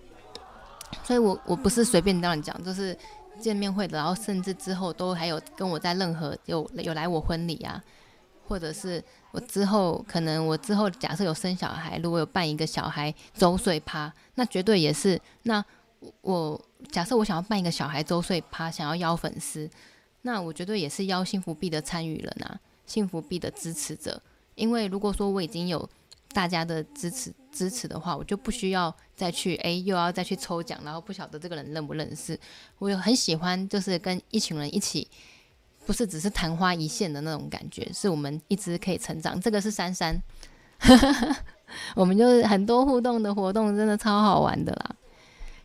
所以我我不是隨便跟你講，就是。見面會，然後甚至之後都還有跟我在任何有有來我婚禮啊，或者是我之後可能我之後假設有生小孩，如果有辦一個小孩周歲趴，那絕對也是那我假設我想要辦一個小孩周歲趴，想要邀粉絲，那我絕對也是邀幸福幣的參與人吶、啊，幸福幣的支持者，因為如果說我已經有大家的支持。支持的話，我就不需要再去，誒，又要再去抽獎，然後不曉得這個人認不認識。我也很喜歡，就是跟一群人一起，不是只是曇花一現的那種感覺，是我們一直可以成長。這個是珊珊， 我們就是很多互動的活動，真的超好玩的啦。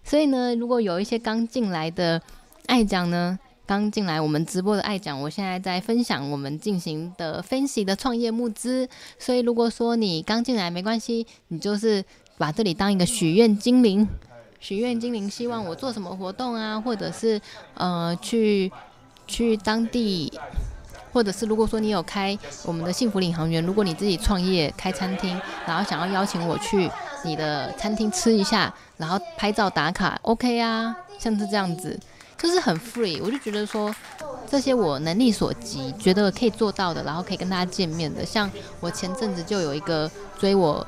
所以呢，如果有一些剛進來的艾醬呢。剛進來我們直播的艾醬，我現在在分享我們進行的分析的創業募資。所以如果說你剛進來沒關係，你就是把這裡當一個許願精靈，許願精靈希望我做什麼活動啊，或者是呃去去當地，或者是如果說你有開我們的幸福領航員，如果你自己創業開餐廳，然後想要邀請我去你的餐廳吃一下，然後拍照打卡，OK 啊，像是這樣子。就是很 free，我就覺得說這些我能力所及，覺得可以做到的，然後可以跟大家見面的。像我前陣子就有一個追我、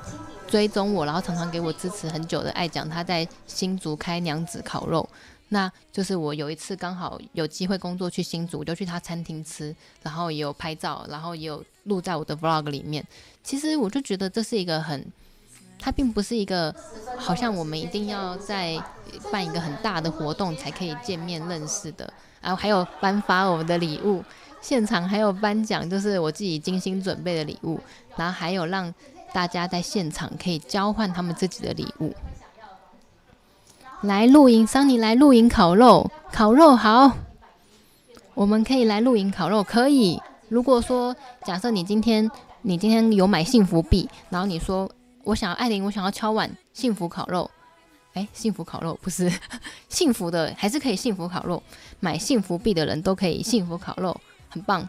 追蹤我，然後常常給我支持很久的艾醬，他在新竹開娘子烤肉，那就是我有一次剛好有機會工作去新竹，我就去他餐廳吃，然後也有拍照，然後也有錄在我的 vlog 裡面。其實我就覺得這是一個很。它並不是一個好像我們一定要在辦一個很大的活動才可以見面認識的，然後還有頒發我們的禮物，現場還有頒獎，就是我自己精心準備的禮物，然後還有讓大家在現場可以交換他們自己的禮物。來露營，桑你來露營烤肉，烤肉好，我們可以來露營烤肉，可以。如果說假設你今天你今天有買幸福幣，然後你說。我想要艾琳，我想要敲碗幸福烤肉，哎，幸福烤肉不是呵呵幸福的，還是可以幸福烤肉。買幸福幣的人都可以幸福烤肉，很棒。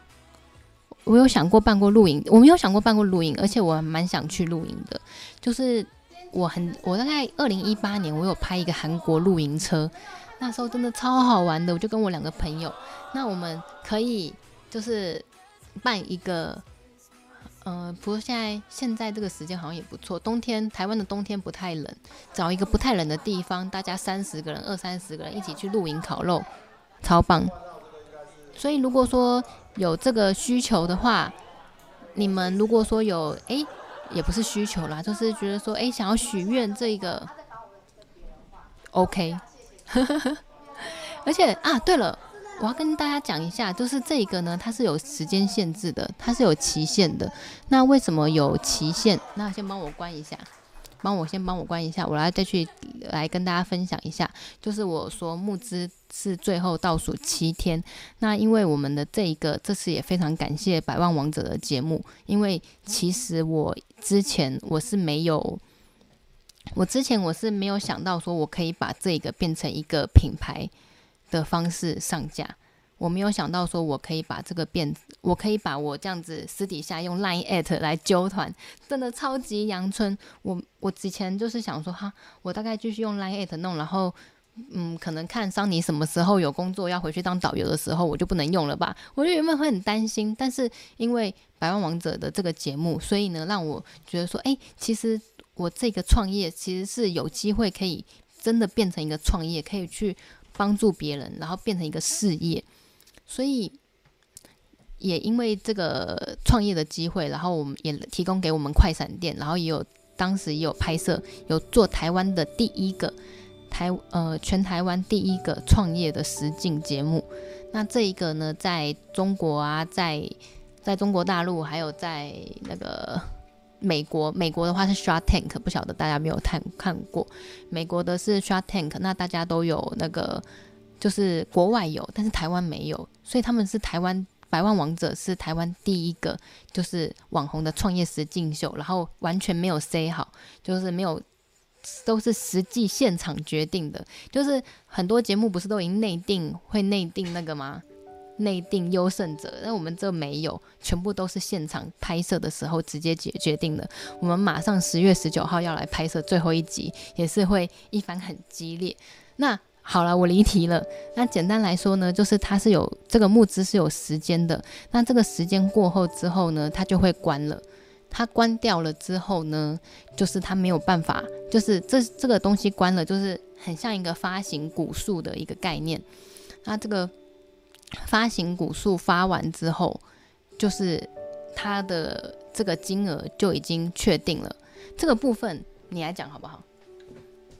我有想過辦過露營，我沒有想過辦過露營，而且我還蠻想去露營的。就是我很，我大概二零一八年，我有拍一個韓國露營車，那時候真的超好玩的。我就跟我兩個朋友，那我們可以就是辦一個。呃、嗯，不過現在現在這個時間好像也不錯，冬天台灣的冬天不太冷，找一個不太冷的地方，大家三十個人，二三十個人一起去露營烤肉，超棒。所以如果說有這個需求的話，你們如果說有，哎、欸，也不是需求啦，就是覺得說，哎、欸，想要許願這個，OK，呵呵呵， 而且啊，對了。我要跟大家講一下，就是這個呢，它是有時間限制的，它是有期限的。那為什麼有期限？那先幫我關一下，幫我先幫我關一下，我來再去來跟大家分享一下。就是我說募資是最後倒數七天。那因為我們的這一個這次也非常感謝《百萬王者》的節目，因為其實我之前我是沒有，我之前我是沒有想到說我可以把這個變成一個品牌。的方式上架，我沒有想到說我可以把這個變，我可以把我這樣子私底下用 line@ 來揪團，真的超級陽春。我我之前就是想說哈，我大概繼續用 line@ 弄，然後嗯，可能看桑尼什麼時候有工作要回去當導遊的時候，我就不能用了吧？我就原本會很擔心，但是因為百萬網者的這個節目，所以呢，讓我覺得說，哎，其實我這個創業其實是有機會可以真的變成一個創業，可以去。幫助別人，然後變成一個事業，所以也因為這個創業的機會，然後我們也提供給我們快閃店，然後也有當時也有拍攝，有做台灣的第一個台呃全台灣第一個創業的實境節目。那這一個呢，在中國啊，在在中國大陸，還有在那個。美國，美國的話是 Shark Tank，不曉得大家沒有看看過。美國的是 Shark Tank，那大家都有那個，就是國外有，但是台灣沒有，所以他們是台灣百萬王者，是台灣第一個就是網紅的創業實境秀，然後完全沒有塞好，就是沒有，都是實際現場決定的，就是很多節目不是都已經內定會內定那個嗎？內定優勝者，那我們這沒有，全部都是現場拍攝的時候直接決決定的。我們馬上十月十九號要來拍攝最後一集，也是會一番很激烈。那好了，我離題了。那簡單來說呢，就是它是有這個募資是有時間的，那這個時間過後之後呢，它就會關了。它關掉了之後呢，就是它沒有辦法，就是這這個東西關了，就是很像一個發行股數的一個概念。那這個。發行股數發完之後，就是它的這個金額就已經確定了。這個部分你來講好不好？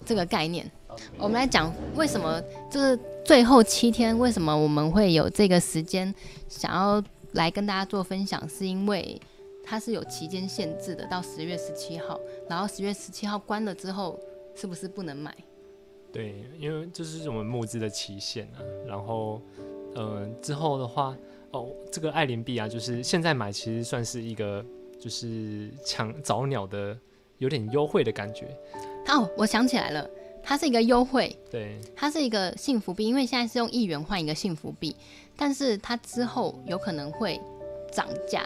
這個概念，喔、我們來講為什麼就是最後七天為什麼我們會有這個時間想要來跟大家做分享，是因為它是有期間限制的，到十月十七號，然後十月十七號關了之後，是不是不能買？對，因為這是我們募資的期限啊，然後。嗯、呃，之後的話，哦，這個艾琳幣啊，就是現在買其實算是一個就是搶早鳥的有點優惠的感覺。哦，我想起來了，它是一個優惠，對，它是一個幸福幣，因為現在是用一元換一個幸福幣，但是它之後有可能會漲價，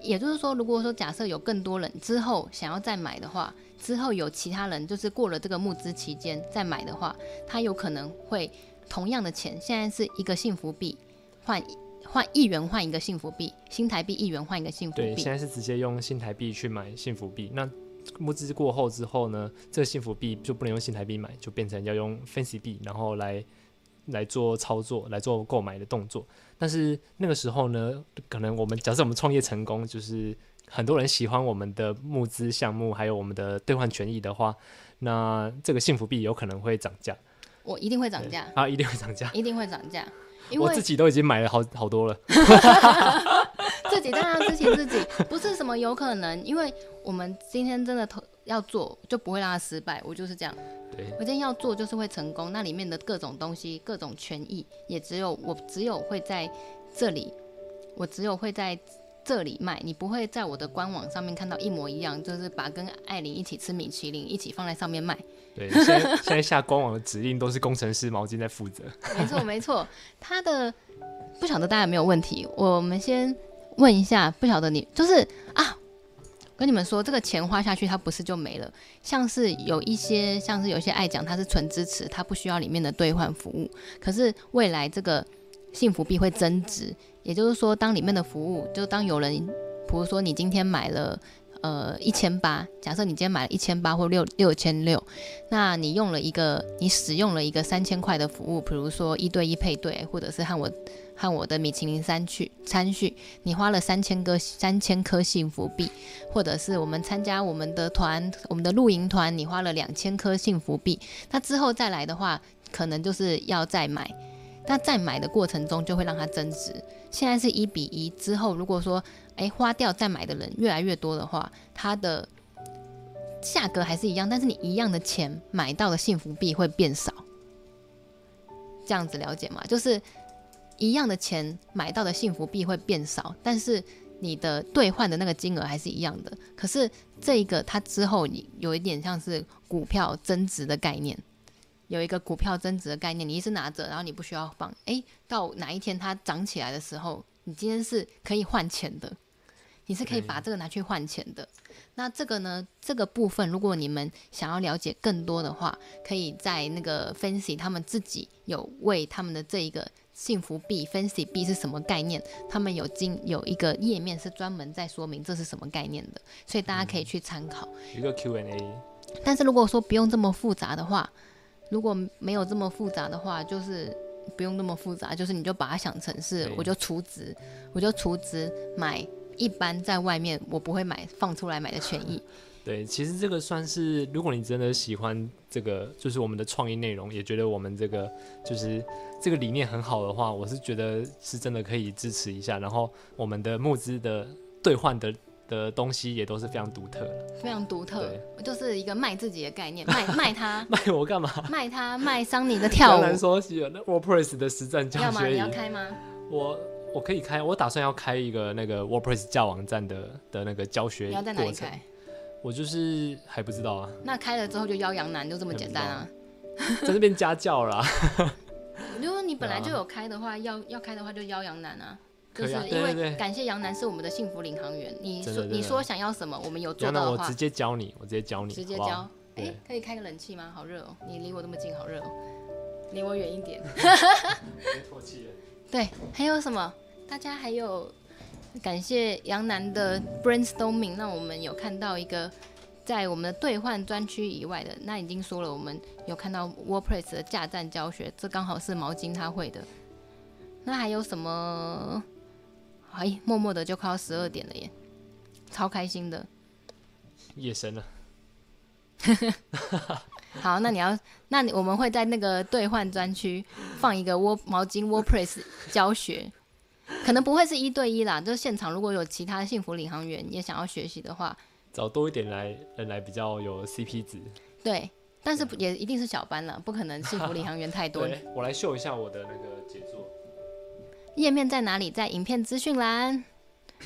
也就是說，如果說假設有更多人之後想要再買的話，之後有其他人就是過了這個募資期間再買的話，它有可能會。同樣的錢，現在是一個幸福幣換換一元換一個幸福幣，新台幣一元換一個幸福幣。對，現在是直接用新台幣去買幸福幣。那募資過後之後呢，這個幸福幣就不能用新台幣買，就變成要用 Fansi 幣，然後來來做操作，來做購買的動作。但是那個時候呢，可能我們假設我們創業成功，就是很多人喜歡我們的募資項目，還有我們的兌換權益的話，那這個幸福幣有可能會漲價。我一定會漲價啊！一定會漲價，一定會漲價。因為我自己都已經買了好好多了， 自己當然支持自己，不是什麼有可能。因為我們今天真的投要做，就不會讓它失敗。我就是這樣，我今天要做就是會成功。那裡面的各種東西、各種權益，也只有我只有會在這裡，我只有會在。這裡賣，你不會在我的官網上面看到一模一樣，就是把跟艾琳一起吃米其林一起放在上面賣。對，現在 現在下官網的指令都是工程師毛巾在負責。沒錯沒錯，他的不曉得大家有沒有問題，我們先問一下，不曉得你就是啊，跟你們說這個錢花下去，它不是就沒了，像是有一些像是有一些艾醬它是純支持，它不需要裡面的兌換服務，可是未來這個。幸福幣會增值，也就是說，當裡面的服務，就當有人，比如說你今天買了，呃，一千八，假設你今天買了一千八或六六千六，那你用了一個，你使用了一個三千塊的服務，比如說一對一配對，或者是和我，和我的米其林餐廳，餐廳，你花了三千個三千顆幸福幣，或者是我們參加我們的團，我們的露營團，你花了兩千顆幸福幣，那之後再來的話，可能就是要再買。那在買的過程中就會讓它增值。現在是一比一，之後如果說哎、欸、花掉再買的人越來越多的話，它的價格還是一樣，但是你一樣的錢買到的幸福幣會變少。這樣子了解嗎？就是一樣的錢買到的幸福幣會變少，但是你的兌換的那個金額還是一樣的。可是這一個它之後，你有一點像是股票增值的概念。有一個股票增值的概念，你一直拿着，然後你不需要放。誒，到哪一天它漲起來的時候，你今天是可以換錢的，你是可以把這個拿去換錢的。嗯、那這個呢，這個部分，如果你們想要了解更多的話，可以在那個 Fansi 他們自己有為他們的這一個幸福幣、嗯、Fansi 幣是什麼概念，他們有經有一個頁面是專門在說明這是什麼概念的，所以大家可以去參考。嗯、一個 Q&A。但是如果說不用這麼複雜的話。如果沒有這麼複雜的話，就是不用那麼複雜，就是你就把它想成是，我就儲值，我就儲值買一般在外面我不會買放出來買的權益。嗯。對，其實這個算是，如果你真的喜歡這個，就是我們的創意內容，也覺得我們這個就是這個理念很好的話，我是覺得是真的可以支持一下，然後我們的募資的兌換的，的東西也都是非常獨特的，非常獨特，我就是一個賣自己的概念， 賣賣他， 賣我幹嘛？賣他，賣桑尼的跳舞。難 說，WordPress 的實戰教學要嗎，你要開嗎？我我可以開，我打算要開一個那個 WordPress 教網站的的那個教學，你要在哪一開？我就是還不知道啊。那開了之後就邀陽男就這麼簡單啊， 在這邊家教啦。如 果你本來就有開的話， 要要開的話就邀陽男啊。就是因為感謝楊楠是我們的幸福領航員。對對對，你說對對對，你說想要什麼，我們有做到的話。那我直接教你，我直接教你。直接教。哎、欸，可以開個冷氣嗎？好熱哦、喔。你離我那麼近，好熱哦、喔。離我遠一點。別吐氣了。 對，還有什麼？大家還有感謝楊楠的 brainstorming、嗯。讓我們有看到一個在我們的兌換專區以外的，那已經說了，我們有看到 WordPress 的架站教學，這剛好是毛巾他會的。那還有什麼？哎，默默的就快要十二點了耶，超開心的。夜深了。 好，那你要，那你我們會在那個兌換專區放一個窩毛巾 WordPress 教學， 可能不會是一對一啦，就是現場如果有其他幸福領航員也想要學習的話，找多一點來人來比較有 CP 值。對，但是也一定是小班啦，不可能幸福領航員太多 。我來秀一下我的那個。頁面在哪裡？在影片資訊欄。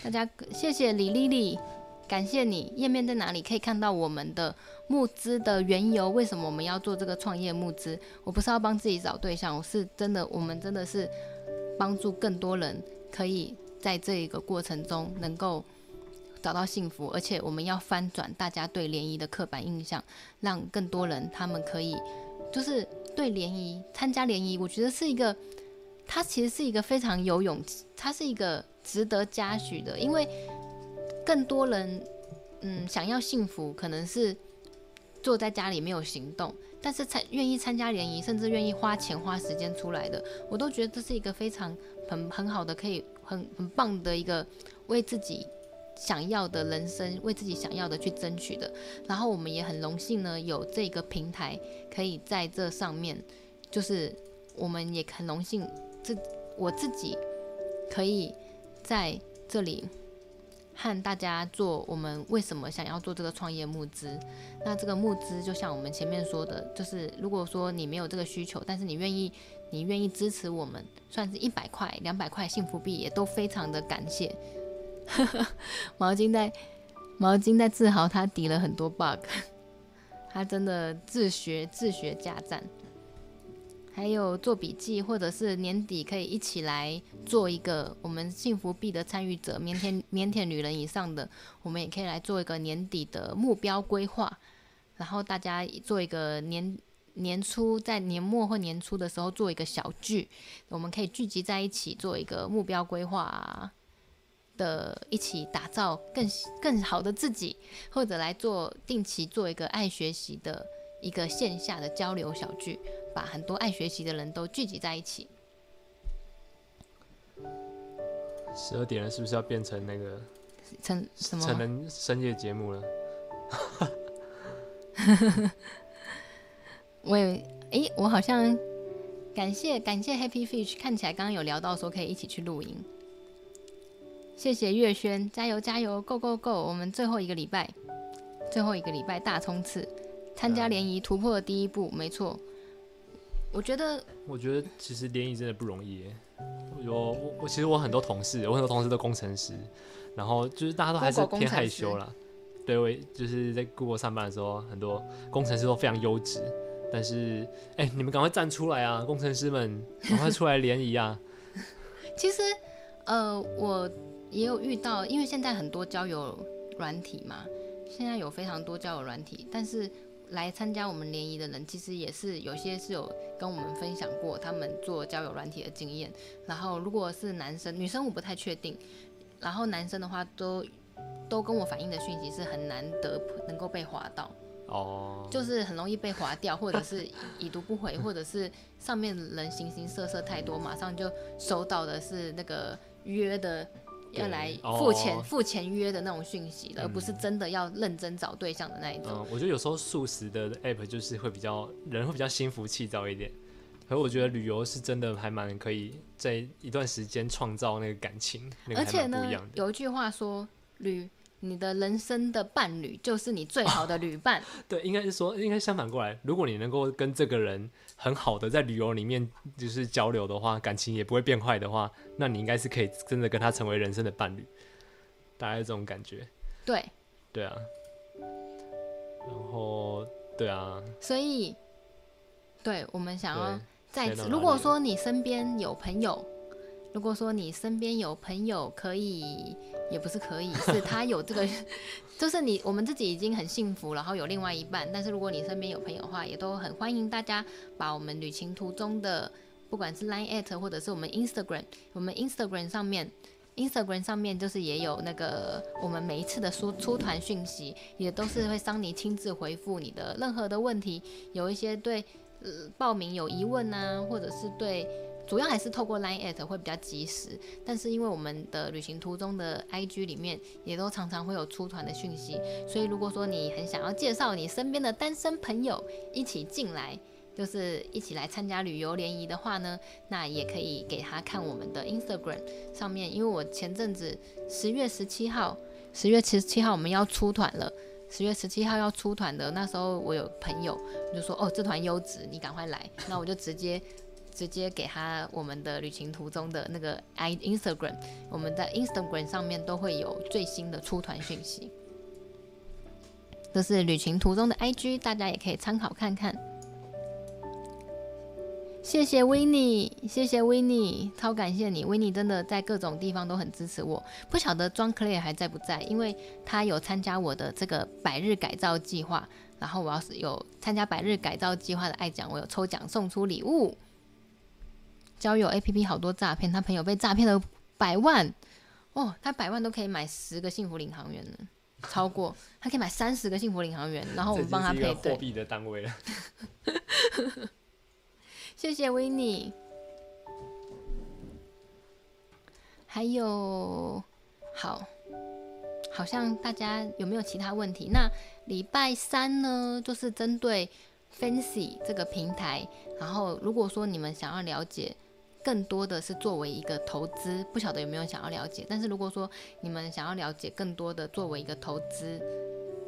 大家謝謝李麗麗，感謝你。頁面在哪裡？可以看到我們的募資的緣由，為什麼我們要做這個創業募資？我不是要幫自己找對象，我是真的，我們真的是幫助更多人，可以在這一個過程中能夠找到幸福。而且我們要翻轉大家對聯誼的刻板印象，讓更多人他們可以就是對聯誼參加聯誼，我覺得是一個。他其實是一個非常有勇氣，他是一個值得嘉許的，因為更多人，嗯，想要幸福可能是坐在家裡沒有行動，但是參願意參加聯誼，甚至願意花錢花時間出來的，我都覺得這是一個非常很很好的，可以很很棒的一個為自己想要的人生，為自己想要的去爭取的。然後我們也很榮幸呢，有這個平台可以在這上面，就是我們也很榮幸。這我自己可以在這裡和大家做我們為什麼想要做這個創業募資？那這個募資就像我們前面說的，就是如果說你沒有這個需求，但是你願意，你願意支持我們，算是一百塊、兩百塊幸福幣，也都非常的感謝。 毛巾在毛巾在自豪，他抵了很多 bug，他真的自學自學加讚。還有做筆記，或者是年底可以一起來做一個我們幸福幣的參與者，腼腆腼腆女人以上的，我們也可以來做一個年底的目標規劃。然後大家做一個年年初，在年末或年初的時候做一個小聚，我們可以聚集在一起做一個目標規劃的，一起打造更更好的自己，或者來做定期做一個愛學習的，一個線下的交流小聚，把很多愛學習的人都聚集在一起。十二點了，是不是要變成那個成什麼？成人深夜節目了？ 我哈，哈、欸、我我好像感謝感謝 Happy Fish，看起來剛剛有聊到說可以一起去露營。謝謝月軒，加油加油，Go Go Go！我們最後一個禮拜，最後一個禮拜大衝刺。參加聯誼突破的第一步，嗯、沒錯。我覺得，我覺得其實聯誼真的不容易。有我，我，我其實我很多同事，我很多同事都工程師，然後就是大家都還是偏害羞啦。對，我就是在 Google 上班的時候，很多工程師都非常優質，但是哎、欸，你們趕快站出來啊，工程師們，趕快出來聯誼啊！ 其實，呃，我也有遇到，因為現在很多交友軟體嘛，現在有非常多交友軟體，但是。來參加我們聯誼的人，其實也是有些是有跟我們分享過他們做交友軟體的經驗。然後如果是男生、女生我不太確定。然後男生的話都，都都跟我反映的訊息是很難得能夠被滑到，哦、oh.，就是很容易被滑掉，或者是已讀不回， 或者是上面人形形色色太多，馬上就收到的是那個約的。要來付錢、哦、付錢約的那種訊息，而不是真的要認真找對象的那一種。嗯、我覺得有時候速食的 app 就是會比較人會比較心浮氣躁一點，可是我覺得旅遊是真的還蠻可以在一段時間創造那個感情、那個，而且呢，有一句話說旅。你的人生的伴侶就是你最好的旅伴。哦、對，應該是說，應該相反過來。如果你能夠跟這個人很好的在旅遊裡面就是交流的話，感情也不會變壞的話，那你應該是可以真的跟他成為人生的伴侶。大概這種感覺。對。對啊。然後，對啊。所以，對我們想要再次，如果說你身邊有朋友。如果說你身邊有朋友可以，也不是可以，是他有這個， 就是你我們自己已經很幸福，然後有另外一半。但是如果你身邊有朋友的話，也都很歡迎大家把我們旅情途中的，不管是 Line@ 或者是我們 Instagram，我們 Instagram 上面，Instagram 上面就是也有那個我們每一次的出出團訊息，也都是會桑尼親自回復你的任何的問題，有一些對呃報名有疑問啊，或者是對。主要還是透過 Line at 會比較及時，但是因為我們的旅情途中的 IG 裡面也都常常會有出團的訊息，所以如果說你很想要介紹你身邊的單身朋友一起進來，就是一起來參加旅遊聯誼的話呢，那也可以給他看我們的 Instagram 上面，因為我前陣子十月十七號，十月十七號我們要出團了，十月十七號要出團的，那時候我有朋友就說哦，這團優質，你趕快來，那我就直接。直接給他我們的旅情途中的那個 I Instagram，我們在 Instagram 上面都會有最新的出團訊息，這是旅情途中的 IG，大家也可以參考看看。謝謝 Winnie 謝謝 Winnie 超感謝你，Winnie 真的在各種地方都很支持我。不曉得 John Clay 還在不在，因為他有參加我的這個百日改造計劃，然後我要是有參加百日改造計劃的艾醬，我有抽獎送出禮物。交友 A P P 好多詐騙，他朋友被詐騙了百萬，哦，他百萬都可以買十個幸福領航員，超過他可以買三十個幸福領航員，然後我們幫他配對，貨幣的單位了， 謝謝 Winnie。還有，好，好像大家有沒有其他問題？那禮拜三呢，就是針對 Fansi 這個平台，然後如果說你們想要了解。更多的是作為一個投資，不曉得有沒有想要了解。但是如果說你們想要了解更多的作為一個投資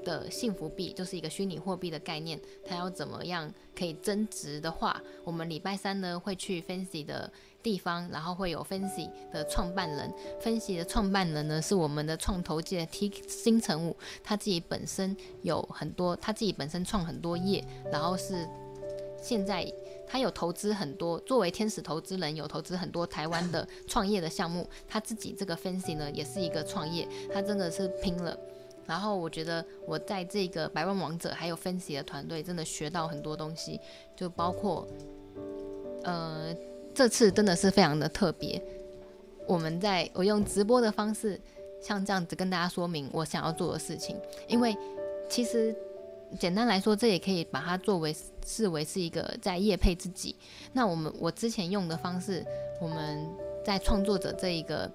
的幸福幣，就是一個虛擬貨幣的概念，它要怎麼樣可以增值的話，我們禮拜三呢會去 Fansi 的地方，然後會有 Fansi 的創辦人，Fansi 的創辦人呢是我們的創投界 T 新成武，他自己本身有很多，他自己本身創很多業，然後是現在。他有投資很多，作為天使投資人，有投資很多台灣的創業的項目。他自己這個 Fansi 呢，也是一個創業，他真的是拼了。然後我覺得我在這個百萬王者還有 Fansi 的團隊，真的學到很多東西，就包括，呃，這次真的是非常的特別。我們在，我用直播的方式，像這樣子跟大家說明我想要做的事情，因為其實。簡單來說，這也可以把它作為、視為是一個在業配自己。那我們我之前用的方式，我們在創作者這一個，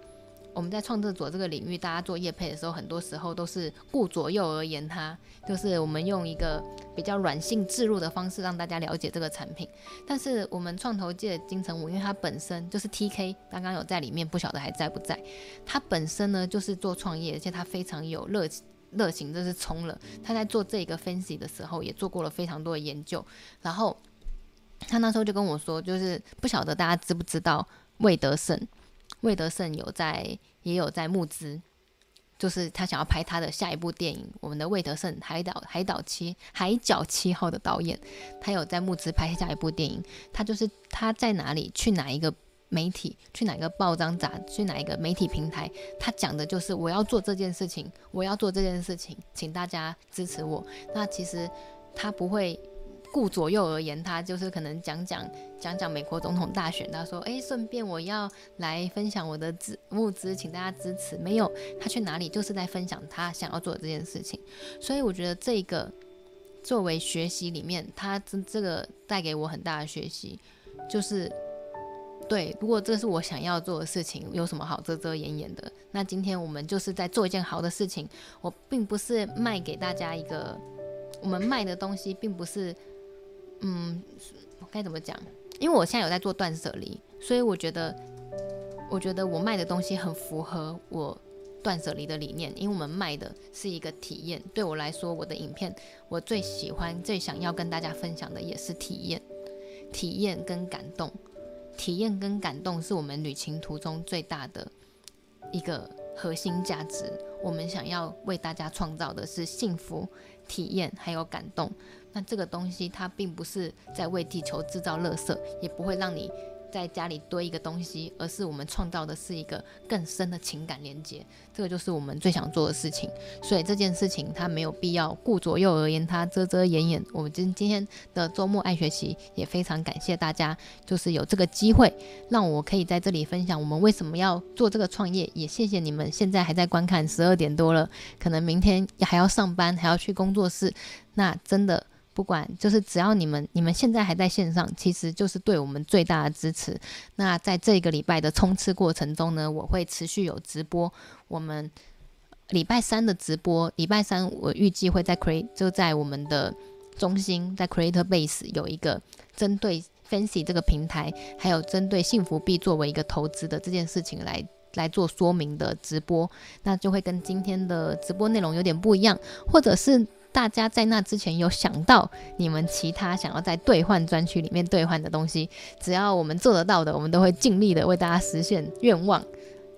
我們在創作者這個領域，大家做業配的時候，很多時候都是顧左右而言他，就是我們用一個比較軟性置入的方式讓大家了解這個產品。但是我們創投界的金城武，因為他本身就是 TK，剛剛有在裡面，不曉得還在不在。他本身呢就是做創業，而且他非常有熱情。熱情這是衝了，他在做這個 Fansi 的時候也做過了非常多的研究，然後他那時候就跟我說，就是不曉得大家知不知道魏德聖？魏德聖有在也有在募資，就是他想要拍他的下一部電影。我們的魏德聖《海島海島七海角七號》的導演，他有在募資拍下一部電影，他就是他在哪裡去哪一個。媒體去哪個報章雜誌，去哪一個媒體平台，他講的就是我要做這件事情，我要做這件事情，請大家支持我。那其實他不會顧左右而言他，他就是可能講講講講美國總統大選，他說哎，順便我要來分享我的資募資，請大家支持。沒有他去哪裡，就是在分享他想要做的這件事情。所以我覺得這個作為學習裡面，他這這個帶給我很大的學習就是。對，如果這是我想要做的事情，有什麼好遮遮掩掩的？那今天我們就是在做一件好的事情。我並不是賣給大家一個，我們賣的東西並不是，嗯，我該怎麼講？因為我現在有在做斷舍離，所以我覺得，我覺得我賣的東西很符合我斷舍離的理念。因為我們賣的是一個體驗。對我來說，我的影片，我最喜歡、最想要跟大家分享的也是體驗，體驗跟感動。體驗跟感動是我們旅情途中最大的一個核心價值。我們想要為大家創造的是幸福體驗還有感動。那這個東西它並不是在為地球制造垃圾，也不會讓你。在家裡堆一個東西，而是我們創造的是一個更深的情感連接，這個就是我們最想做的事情。所以這件事情它沒有必要顧左右而言他，遮遮掩掩。我們今今天的周末愛學習，也非常感謝大家，就是有這個機會讓我可以在這裡分享我們為什麼要做這個創業。也謝謝你們現在還在觀看，十二點多了，可能明天還要上班，還要去工作室，那真的。不管就是只要你們你們現在還在線上，其實就是對我們最大的支持。那在這個禮拜的衝刺過程中呢，我會持續有直播。我們禮拜三的直播，禮拜三我預計會在 Create 就在我們的中心，在 Creator Base 有一個針對 Fansi 這個平台，還有針對幸福幣作為一個投資的這件事情來來做說明的直播。那就會跟今天的直播內容有點不一樣，或者是。大家在那之前有想到你們其他想要在兌換專區裡面兌換的東西，只要我們做得到的，我們都會盡力的為大家實現願望，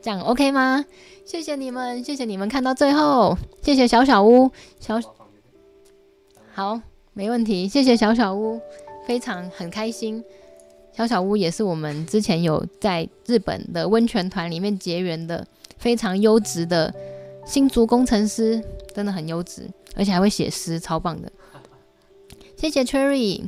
這樣 OK 嗎？謝謝你們，謝謝你們看到最後，謝謝小小屋，小好，沒問題，謝謝小小屋，非常很開心，小小屋也是我們之前有在日本的溫泉團裡面結緣的，非常優質的。新竹工程師真的很優質，而且還會寫詩，超棒的！謝謝 Cherry，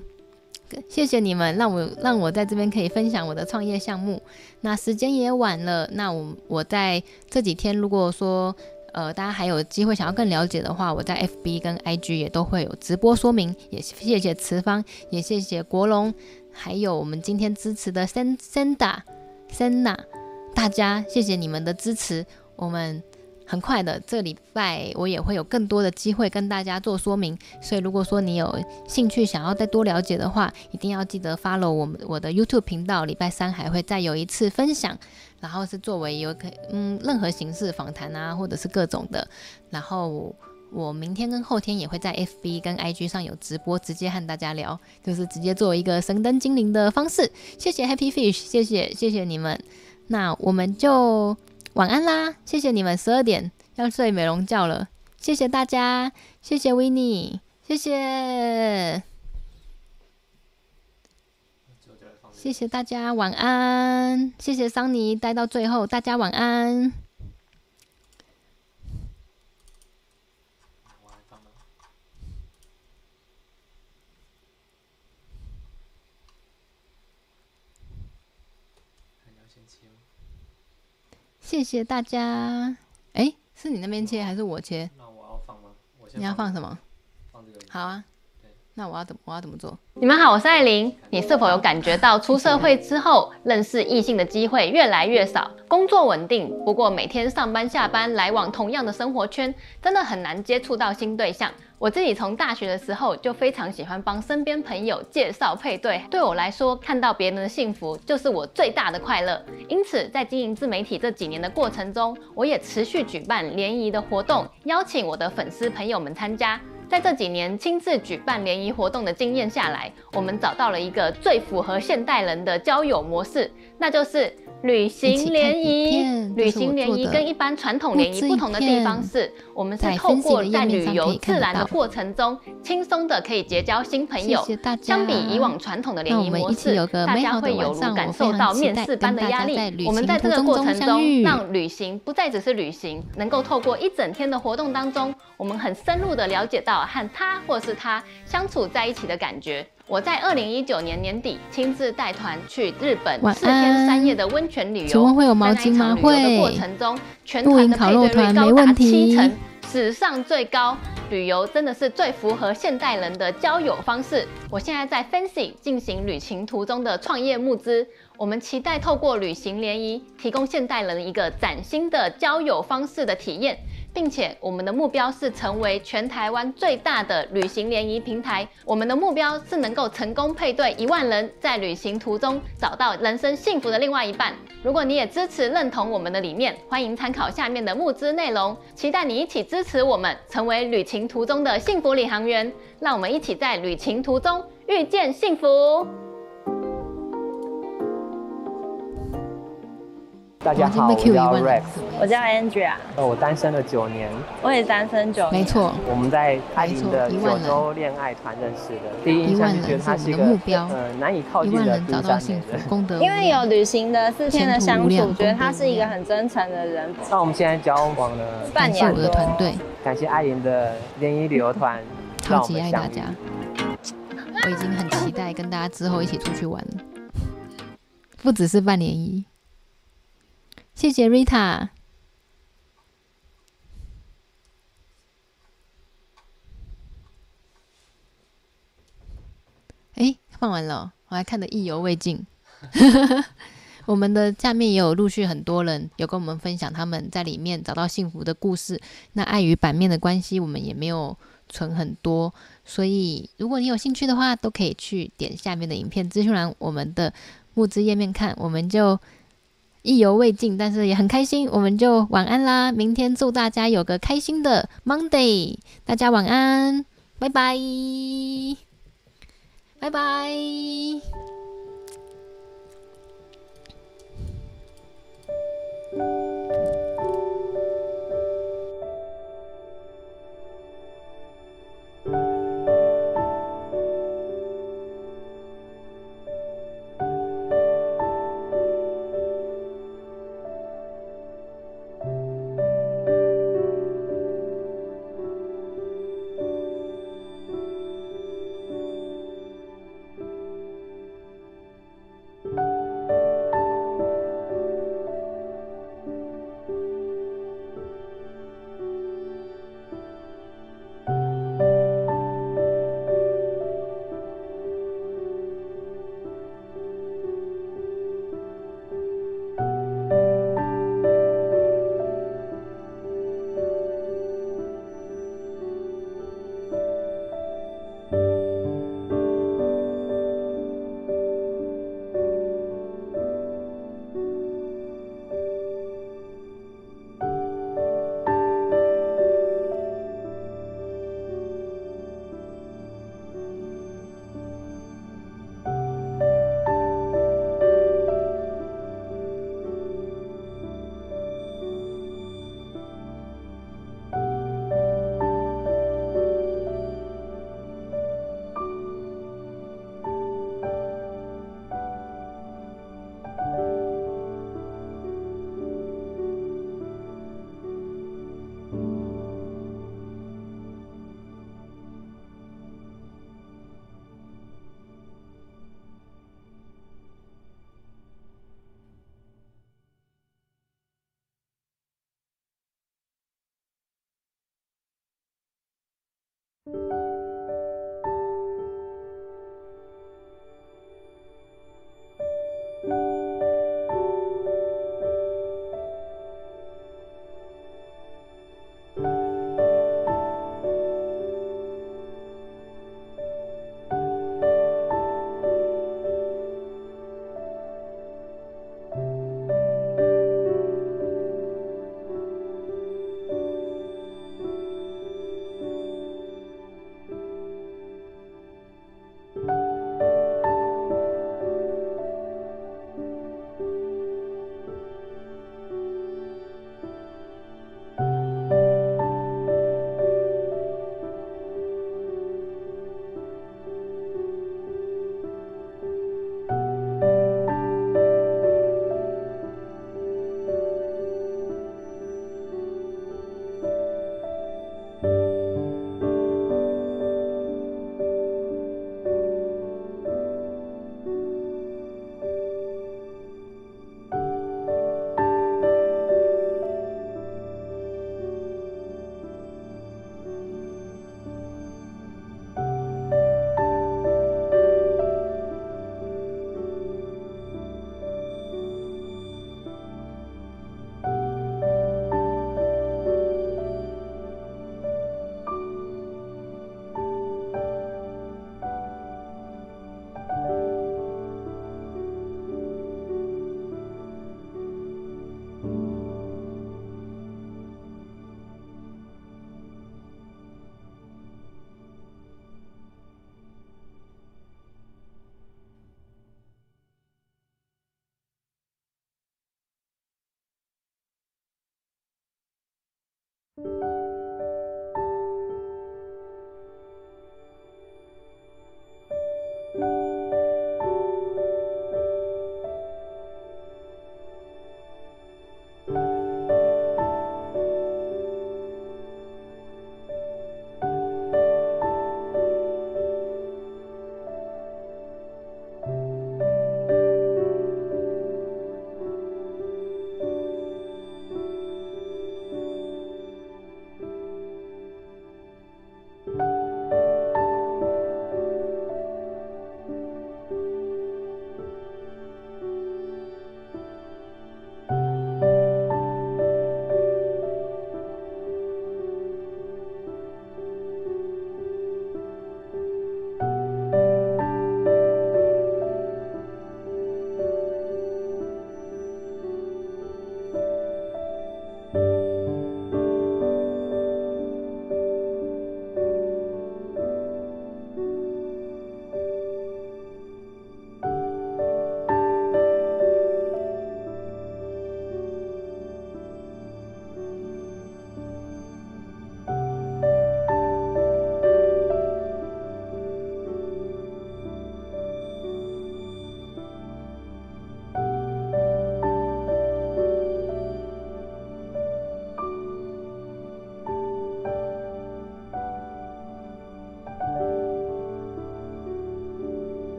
謝謝你們，讓我讓我在這邊可以分享我的創業項目。那時間也晚了，那我我在這幾天，如果說呃大家還有機會想要更了解的話，我在 FB 跟 IG 也都會有直播說明。也謝謝慈方，也謝謝國龍，還有我們今天支持的森森達、森娜，大家謝謝你們的支持，我們。很快的，這禮拜我也會有更多的機會跟大家做說明，所以如果說你有興趣想要再多了解的話，一定要記得 follow 我們我的 YouTube 頻道。禮拜三還會再有一次分享，然後是作為有可嗯任何形式訪談啊，或者是各種的。然後我明天跟後天也會在 FB 跟 IG 上有直播，直接和大家聊，就是直接做一個神燈精靈的方式。謝謝 Happy Fish，謝謝謝謝你們。那我們就。晚安啦，謝謝你們，十二點要睡美容覺了，謝謝大家，謝謝維尼，謝謝，謝謝大家，晚安，謝謝桑尼待到最後，大家晚安。謝謝大家。哎，是你那邊切還是我切？那我要放嗎？放你要放什麼？放這個。好啊。對。那我要怎麼我要怎麼做？你們好，我是艾琳。你是否有感覺到出社會之後， 認識異性的機會越來越少？ 工作穩定，不過每天上班下班來往同樣的生活圈，真的很難接觸到新對象。我自己從大學的時候就非常喜歡幫身邊朋友介紹配對，對我來說，看到別人的幸福就是我最大的快樂。因此，在經營自媒體這幾年的過程中，我也持續舉辦聯誼的活動，邀請我的粉絲朋友們參加。在這幾年親自舉辦聯誼活動的經驗下來，我們找到了一個最符合現代人的交友模式，那就是。旅行聯誼，旅行聯誼跟一般傳統聯誼不同的地方是，我們是透過在旅遊自然的過程中，輕鬆的可以結交新朋友。相比以往傳統的聯誼模式，大家會有如感受到面試般的壓力。我們在這個過程中，讓旅行不再只是旅行，能夠透過一整天的活動當中，我們很深入的了解到和他或是他相處在一起的感覺。我在二零一九年年底親自帶團去日本四天三夜的溫泉旅遊，請問會有毛巾嗎？的過程中會全團的配對率。露營烤肉團沒問題，高達七成。史上最高，旅遊真的是最符合現代人的交友方式。我現在在 Fansi 進行旅行途中的創業募資，我們期待透過旅行聯誼，提供現代人一個嶄新的交友方式的體驗。並且，我們的目標是成為全台灣最大的旅行聯誼平台。我們的目標是能夠成功配對一萬人，在旅行途中找到人生幸福的另外一半。如果你也支持認同我們的理念，歡迎參考下面的募資內容，期待你一起支持我們，成為旅行途中的幸福領航員。讓我們一起在旅行途中遇見幸福。大家好，我，我叫、Rap、我叫 Andrea。呃，我單身了九年。我也單身九年。沒錯。我們在艾琳的九週戀愛團認識的。一萬人。一，覺得他是一,一萬人是我個目標。呃，難以靠近的。一萬人找到幸福。功德。因為有旅行的四天的相處，我覺得他是一個很真誠的人、嗯。那我們現在交往了半年我的團隊。感謝艾琳的聯誼旅遊團，超級愛大家。我， 我已經很期待跟大家之後一起出去玩了， 不只是半年一謝謝瑞塔。誒，放完了哦，我還看得意猶未盡。 我們的下面也有陸續很多人有跟我們分享他們在裡面找到幸福的故事。那礙於版面的關係，我們也沒有存很多，所以如果你有興趣的話，都可以去點下面的影片資訊欄，我們的募資頁面看，我們就。意猶未盡，但是也很開心，我們就晚安啦！明天祝大家有個開心的 Monday，大家晚安，拜拜、拜拜。